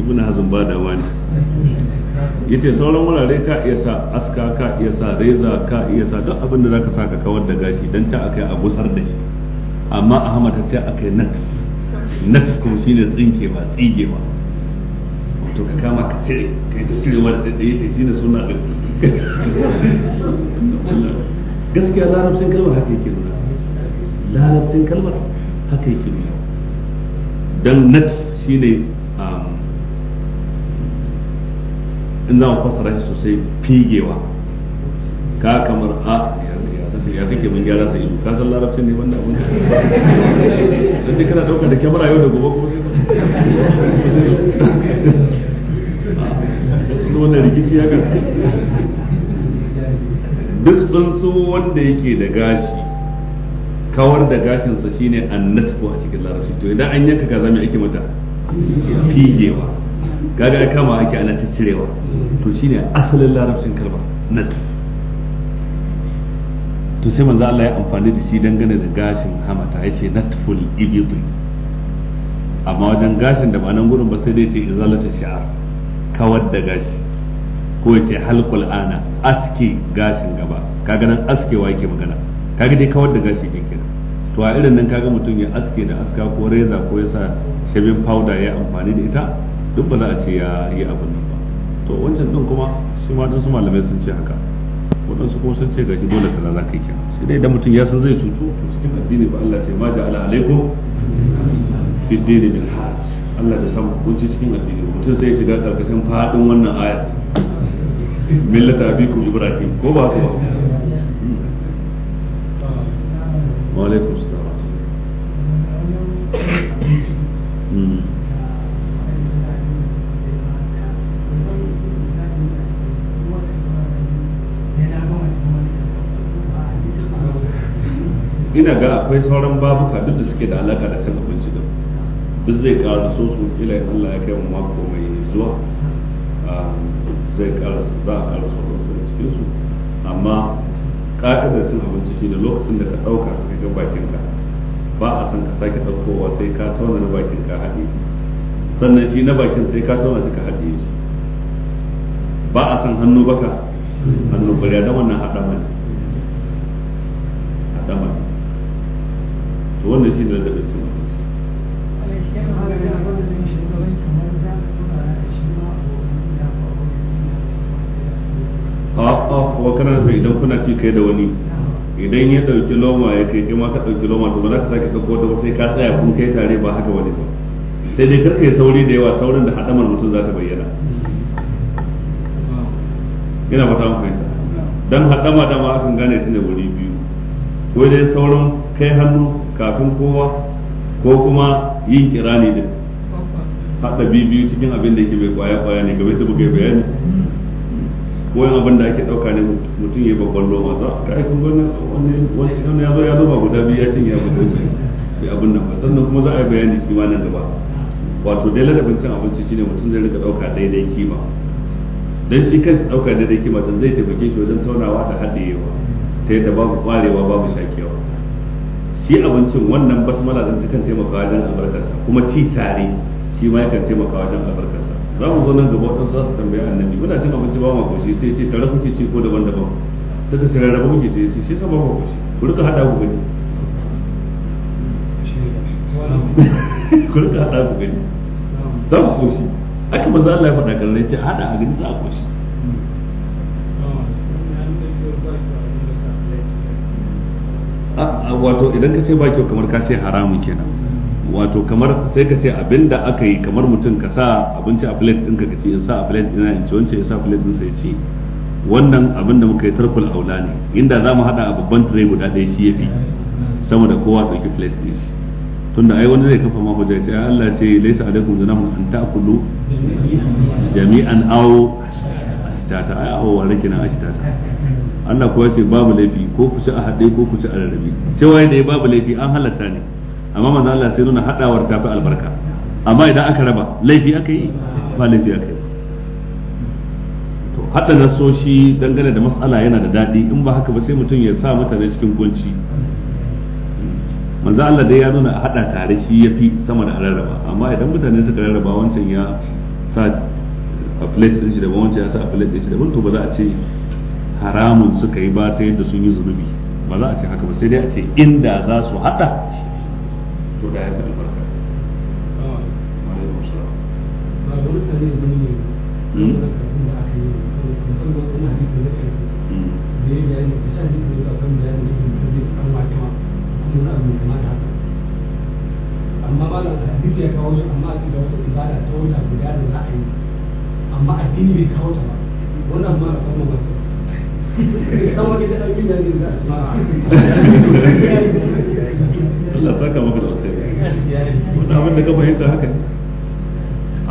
ibn hazm ba da wani yace sauran wurare ka iya sa aska ka iya sa reza ka iya sa duk abin da ka sa ka kawar da gashi dan ca akai a busar da shi amma ahmad ta ce akai natf natkum shine tsinkewa tsigewa wato ka kama ka cire ka yi ta cirewa da ɗaiɗaya ta ne suna da gaskiya larabcin kalmar haka yake nuna larabcin kalmar haka yake nuna dan nat shi um, in za mu fassara shi sosai figewa ka kamar a ya kake mun gyara sa ido ka san larabcin ne wannan abin dan dai kana daukar da kyamara yau da gobe kuma sai wannan rikici ya kan duk tsuntsu wanda yake da gashi kawar da gashinsa shine annatfu a cikin larabci to idan an yanka kaza me ake mata figewa kaga kama ake ana ciccirewa to shine asalin larabcin kalma natfu to sai manzo Allah ya amfani da shi dangane da gashin hamata yace natful ibidi amma wajen gashin da ba nan gurin ba sai dai ce izalata shi'ar kawar da gashi ko yace halqul ana aske gashin gaba kaga nan askewa yake magana kaga dai kawar da gashi yake kenan to a irin nan kaga mutum ya aske da aska ko reza ko yasa shabin powder ya amfani da ita duk ba za a ce ya yi abin nan ba to wancan din kuma shi ma dan su malamai sun ce haka waɗansu kuma sun ce gashi dole kaza za ka yi kira shi dai idan mutum ya san zai cuto to cikin addini ba Allah ce ma ja ala alaikum fiddini dini hajj Allah da san kunci cikin addini mutum sai ya shiga karkashin fadin wannan aya millata abikum ibrahim ko ba ko hmm. wa alaikum ina ga akwai sauran babuka duk da suke da alaka da cin abinci da duk zai ƙara so su kila in Allah ya kai mu mako mai zuwa ah, zai su za a ƙara sauran su cikin su amma ka'ida sun abinci shi da lokacin da ka ɗauka ka ga bakin ka ba a san ka sake ɗaukowa sai ka tauna na bakin ka haɗe sannan shi na bakin sai ka tauna shi ka haɗe shi ba a san hannu baka hannu bari da wannan haɗa mana haɗa to wannan shi ne daga cikin a wa kana nufin idan kuna ci kai da wani idan ya dauki loma ya kai kai ma ka dauki loma to ba za ka sake dauko ta ba sai ka tsaya kun kai tare ba haka wani ba sai dai karka yi sauri da yawa saurin da hadamar mutum za ta bayyana ina fata mu fahimta dan hadama dama akan gane ta ne wuri biyu ko dai sauran kai hannu kafin kowa ko kuma yin kira ne din haɗa biyu cikin abin da yake bai kwaya kwaya ne gaba da buga bayani ko yin abin da ake ɗauka ne mutum ya babban loma za ka ne wani ya zo ya zo ba guda biyu ya cinye ya mutum bai abin nan ba sannan kuma za a yi bayani shi ma nan gaba wato dai ladabin cin abinci shine mutum zai rika ɗauka daidai kima dan shi kansa ɗauka daidai kima dan zai taimake shi wajen taunawa da haɗewa ta yadda babu ƙwarewa babu shakewa shi abincin wannan basmala din kan taimaka wajen albarkarsa kuma ci tare shi ma yakan taimaka wajen albarkarsa za mu zo nan gaba waɗansu za su tambaya annabi muna cin abinci ba mu koshi sai ce tare kuke ci ko daban-daban suka ce rarraba muke ci sai shi ba mu koshi ku rika hada ku gani ku rika hada ku gani za ku koshi aka maza Allah ya faɗa kan rai ce haɗa a gani za a koshi wato idan ka ce ba kyau kamar ka ce haramun kenan wato kamar sai ka ce abinda aka yi kamar mutum ka sa abinci a plate ɗinka ka ci in sa a plate ɗina in ci wancan ya sa plate ɗinsa ya ci wannan abin da muka yi tarkul aula ne inda za mu haɗa a babban tire guda ɗaya shi ya fi sama da kowa ɗauki plate ɗin shi tunda ai wani zai kafa ma hujja ce Allah ce laysa alaikum junahun an ta'kulu jami'an aw ashtata ai aw wa rakina ashtata Allah kuwa ce babu laifi ko ku ci a haɗe ko ku ci a rarrabe cewa yadda ya babu laifi an halatta ne amma manzo Allah sai nuna haɗawar tafi albarka amma idan aka raba laifi aka yi ba laifi aka yi to haɗa nasoshi dangane da matsala yana da daɗi in ba haka ba sai mutum ya sa mutane cikin gunci manzo Allah dai ya nuna a haɗa tare shi ya fi sama da rarraba amma idan mutane suka rarraba wancan ya sa a plate ɗin shi da wancan ya sa a plate ɗin shi da to ba za a ce haramun suka yi ba ta yadda sun yi zunubi ba za a ce haka ba sai dai a ce inda za su hada to da ya fi albarka amma ba da hadisi ya kawo shi amma a ce da wata ibada ta wata guda da za a yi amma addini bai kawo ta ba wannan ma da kuma ba Allah saka maka da alkhairi abin da ka fahimta haka ne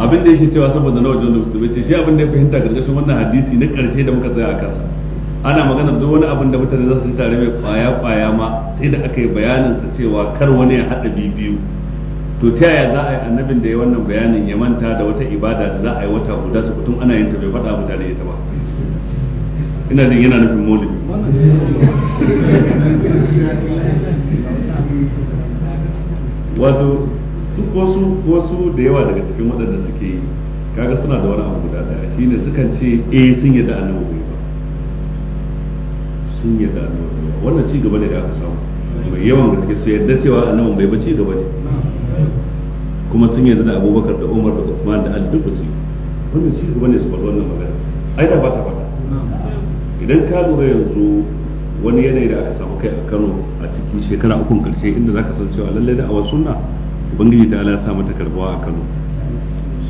abin yake cewa saboda na wajen musulmi ce shi abin da ya fahimta gargashin wannan hadisi na karshe da muka tsaya a kasa. ana magana duk wani abin da mutane za su yi tare mai kwaya kwaya ma sai da aka yi bayanin sa cewa kar wani ya hada biyu to ta yaya za a yi annabin da ya wannan bayanin ya manta da wata ibada da za a yi wata guda su ana yin ta bai faɗa mutane ita ba ina jin yana nufin maulidi wato su kosu kosu da yawa daga cikin waɗanda suke yi kaga suna da wani abu guda daya shine sukan ce eh sun yadda annabi bai ba sun yadda annabi bai ba wannan ci gaba ne da aka samu mai yawan gaske su yadda cewa annabi bai ba ci gaba ne kuma sun yadda da Abubakar da Umar da Uthman da Ali duk wannan ci gaba ne su faɗi wannan magana ai da ba sa faɗa idan ka lura yanzu wani yanayi da aka samu kai a Kano a cikin shekara ukun karshe inda za ka san cewa lallai da awa suna ubangiji ta ala sa mata karbuwa a Kano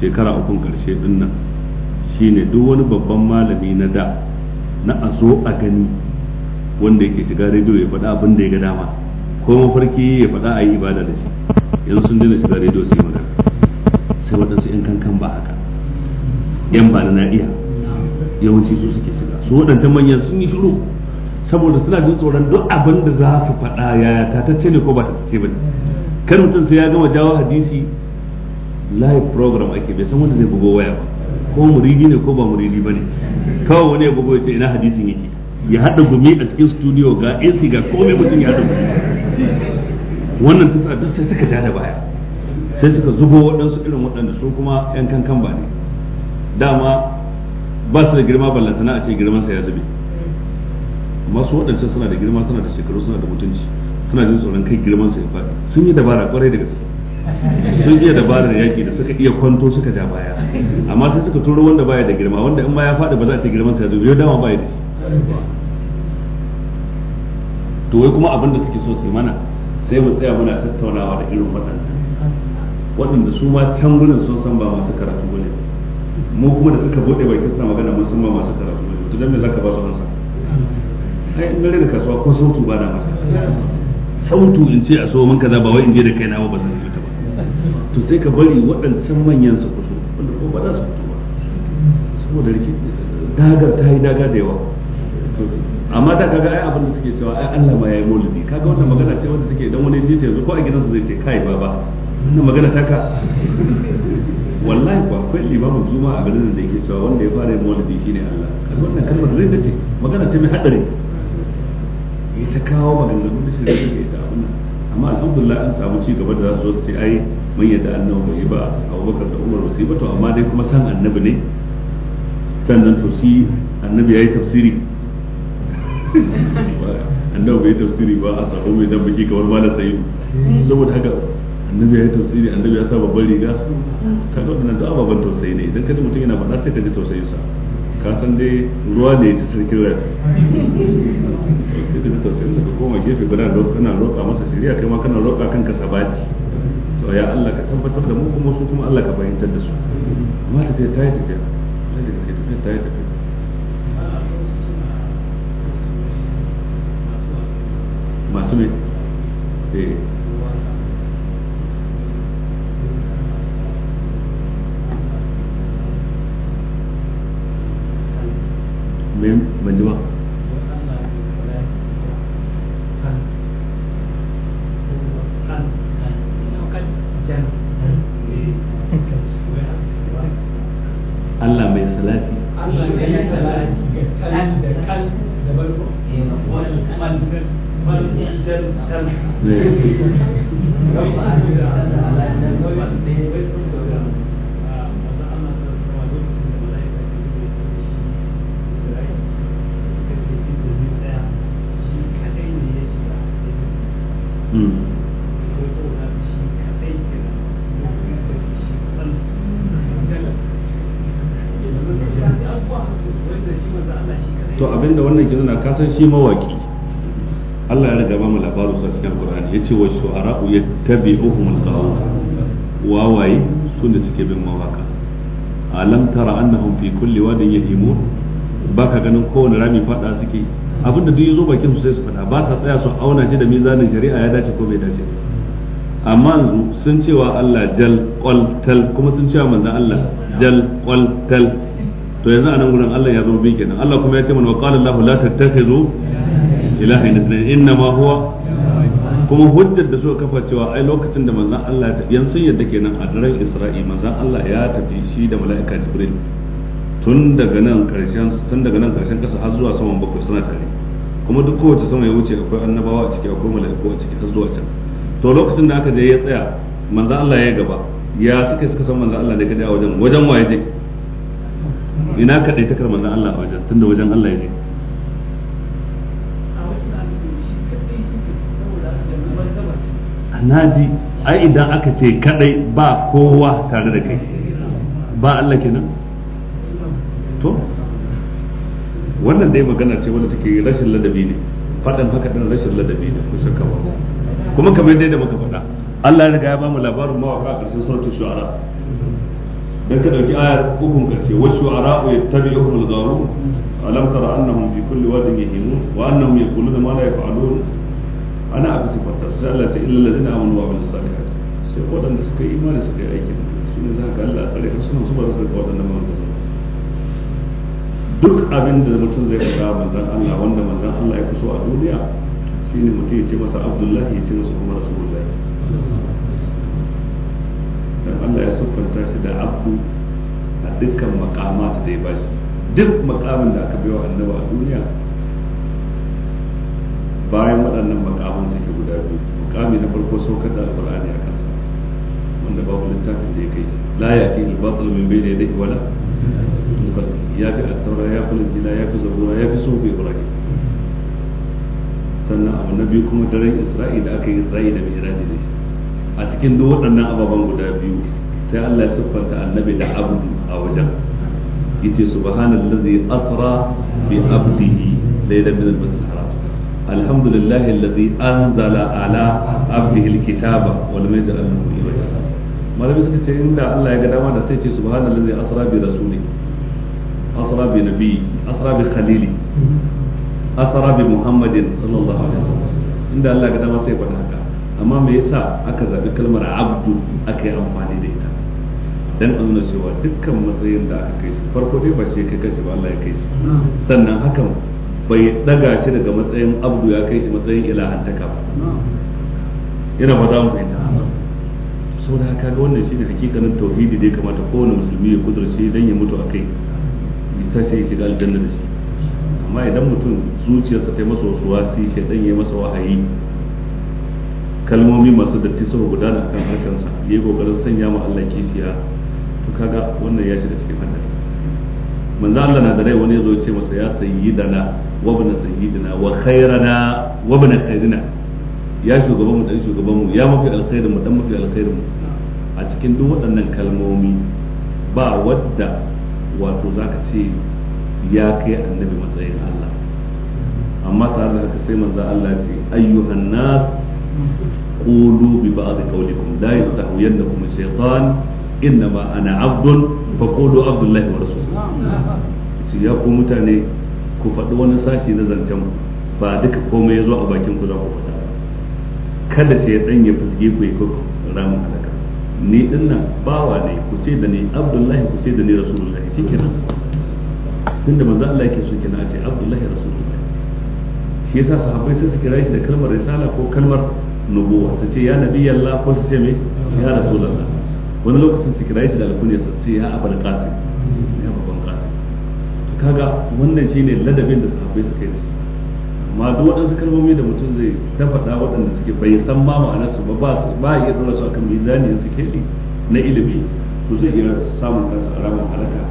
shekara ukun karshe din nan shine duk wani babban malami na da na a zo a gani wanda yake shiga rediyo ya faɗa abin da ya ga dama ko mafarki ya faɗa a yi ibada da shi yanzu sun daina shiga rediyo su yi magana sai waɗansu 'yan kankan ba haka 'yan ba na iya yawanci su suke su waɗancan manyan sun yi shiru saboda suna jin tsoron duk abin da za su faɗa ta ce ne ko ba ta ce ba ne kar mutum sai ya gama jawo hadisi live program ake bai san wanda zai bugo waya ba ko muridi ne ko ba muridi ba ne kawai wani ya bugo ya ce ina hadisin yake ya haɗa gumi a cikin studio ga AC ga komai mutum ya haɗa gumi wannan ta duk sai suka ja da baya sai suka zubo waɗansu irin waɗanda su kuma 'yan kankan ba ne dama ba su da girma ballantana a ce girman sa ya zube amma su waɗancan suna da girma suna da shekaru suna da mutunci suna jin tsoron kai girman sa ya faɗi sun yi dabara kwarai da gaske sun iya dabarar yaƙi da suka iya kwanto suka ja baya amma sai suka turo wanda baya da girma wanda in ma ya faɗi ba za a ce girman sa ya zube dama baya da shi to wai kuma abin da suke so su mana sai mu tsaya muna tattaunawa da irin waɗannan waɗanda su ma can gurin sun san ba masu karatu bane mu kuma da suka bude baki suna magana mun san masu karatu to dan me zaka ba su hansa ai in da kasuwa ko sautu ba na mata sautu in ce a so mun kaza ba wai in je da kaina ba ba zan yi ta ba to sai ka bari waɗancan manyan su fito wanda ko ba za su fito ba saboda rike dagar ta yi daga da yawa amma da kaga ai abin da suke cewa ai Allah ma yayi maulidi kaga wannan magana ce wanda take dan wani ji yanzu ko a gidansa zai ce kai baba wannan magana ta ka wallahi ba akwai limamin juma a garin da yake cewa wanda ya fara yin maulidi shine Allah kaga wannan kalmar zai dace magana ce mai hadari ya ta kawo maganganun da shirye da ta abuna amma alhamdulillah an samu ci gaba da za su zo su ce ai mun yadda annabi bai ba Abubakar da Umar ba su yi ba to amma dai kuma san annabi ne sannan to shi annabi yayi tafsiri annabi bai tafsiri ba a sako mai zan baki kamar malam sayyid saboda haka annabi ya yi tausayi ne annabi ya sa babban riga kaga wannan da babban tausayi ne idan ka ji mutum yana faɗa sai ka ji tausayin sa ka san dai ruwa ne ya ci sarkin rafi sai ka ji tausayin sa ka koma gefe guda kana roƙa masa shari'a kai ma kana roƙa kanka sabati to ya Allah ka tabbatar da mu kuma su kuma Allah ka fahimtar da su amma tafiya ta yi tafiya ta yi tafiya ta yi tafiya masu ne eh mai ba ka san shi mawaki Allah ya riga ba mu labarin cikin Qur'ani yace wa shu'ara'u yattabi'uhum al-ghawun wawai sun da suke bin mawaka alam tara annahum fi kulli wadin yahimun baka ganin kowane rami fada suke abinda duk yazo bakin su sai su fada ba sa tsaya su auna shi da mizanin shari'a ya dace ko bai dace amma yanzu sun cewa Allah jal qal tal kuma sun cewa manza Allah jal qal tal to yanzu a nan gurin Allah ya zama bi kenan Allah kuma ya ce mana wa qala Allah la tattakhizu ilaha illa inna ma huwa kuma hujjar da suka kafa cewa ai lokacin da manzon Allah ya tafi sun yadda kenan a daren Isra'i manzon Allah ya tafi shi da mala'ika Jibril tun daga nan karshen tun daga nan karshen kasa har zuwa saman bakwai suna tare kuma duk kowace sama ya wuce akwai annabawa a ciki akwai mala'iku a ciki har zuwa can to lokacin da aka je ya tsaya manzon Allah ya gaba ya suka suka san manzon Allah ne kaje a wajen wajen waye je ina dai takar manzon Allah a wajen tunda wajen Allah ya naji na ji ai idan aka ce kadai ba kowa tare da kai ba Allah kenan to wannan dai magana ce wanda take rashin ladabi ne faɗin haka din rashin ladabi ne ku shakka ba kuma kamar dai da muka faɗa Allah ya riga ya ba mu labarin mawaka a cikin sautin shu'ara dan ka dauki ayar ukun karshe wasu ara'u yattabi'uhum al-gharun alam tara annahum fi kulli wadin yahimun wa annahum yaquluna ma la yaf'alun ana aka sifatta sai Allah sai illal ladina amanu wa amilus salihat sai da suka imani suka yi aikin su zaka za ka Allah sai suna su ba su ga wadanda ma duk abin da mutum zai faɗa manzon Allah wanda manzon Allah ya kuso a duniya shine mutum ya ce masa Abdullahi ya ce masa Umar Rasulullahi dan Allah ya siffanta shi da abu a dukkan makamat da ya shi duk makamin da aka biyo annabi a duniya bayan waɗannan makaman suke guda biyu makami na farko saukar da alqur'ani a kansa wanda babu littafin da ya kai shi la yaqini batil min bayni yadayhi wala ya fi attaura ya fi lijila ya fi zabura ya fi sufi ibrahim sannan abu na biyu kuma daren isra'i da aka yi isra'i da mai iraji da shi a cikin duk waɗannan ababen guda biyu sai Allah ya siffanta annabi da abdu a wajen yace subhanallazi asra bi abdihi layla min al-masjid haram alhamdulillahi allazi anzala ala abdihi al-kitaba wa lam yaj'al lahu iwaja malami suka ce inda Allah ya ga dama da sai ce subhanallazi asra bi rasulihi asra bi nabiyyi asra bi khalili asra bi muhammadin sallallahu alaihi wasallam inda Allah ya ga dama sai ya faɗa haka amma me yasa aka zaɓi kalmar abdu aka yi amfani da ita dan a nuna cewa dukkan matsayin da aka kai shi farko dai ba shi kai shi ba Allah ya kai shi sannan hakan bai daga shi daga matsayin abdu ya kai shi matsayin ilahantaka ba ina ba za mu fahimta saboda haka ga wannan shine hakikanin tauhidi da ya kamata kowane musulmi ya kudurce dan ya mutu akai ya tashi ya shiga aljanna da shi amma idan mutum zuciyarsa ta yi masa wasu wasi dan ya masa wahayi kalmomi masu datti suka gudana kan harshen sa yi kokarin sanya ma Allah kishiya to kaga wannan ya shiga cikin haddari manzo Allah na da rai wani yazo ya ce masa ya sayyidana wa ibn sayyidina wa khairana wa ibn sayyidina ya shugaban mu dan shugaban mu ya mafi alkhairin mu dan mafi alkhairin mu a cikin duk waɗannan kalmomi ba wadda wato zaka ce ya kai annabi matsayin Allah amma tare da haka sai manzo Allah ce ayyuhan nas qulu bi ba'd qawlikum la yastahwiyannakum shaytan innama ana abdun fa qulu abdullahi wa rasuluhu ya ku mutane ku faɗi wani sashi na zancen ba duka komai ya zo a bakin ku za ya fusge ku ni dinnan bawa ne ku ce da ni abdullahi ku ce da ni rasulullahi shikenan tunda manzo Allah yake so kina ce abdullahi rasulullahi shi yasa sahabbai sai su kira shi da kalmar risala ko kalmar nubuwa su ce ya nabi Allah ko su ce me ya rasulullah wani lokacin su kira shi da alkunya su ce ya abul qasim ya babban qasim to kaga wannan shine ladabin da sahabbai suka yi da shi amma duk waɗansu kalmomi da mutum zai ta faɗa waɗanda suke bai san ma su ba ba iya dora su akan mizani su keli na ilimi to zai iya samun kansa alamar halaka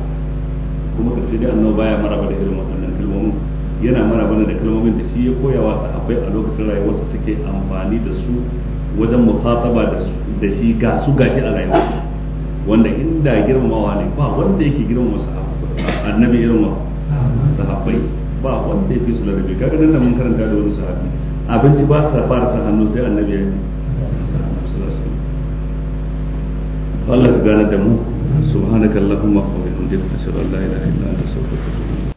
kuma sai dai annabawa baya maraba da irin waɗannan kalmomin yana mana bana da kalmomin da shi ya koya wa sahabbai a lokacin rayuwarsa suke amfani da su wajen mukataba da shi ga su gashi a rayuwa wanda inda girmamawa ne ba wanda yake girmama annabi irin sahabbai ba wanda yake su ladabi kaga dan nan mun karanta da wani sahabi abinci ba sa fara san hannu sai annabi ya Allah su gane da mu subhanakallahumma wa bihamdika ashhadu an la ilaha illa anta astaghfiruka wa atubu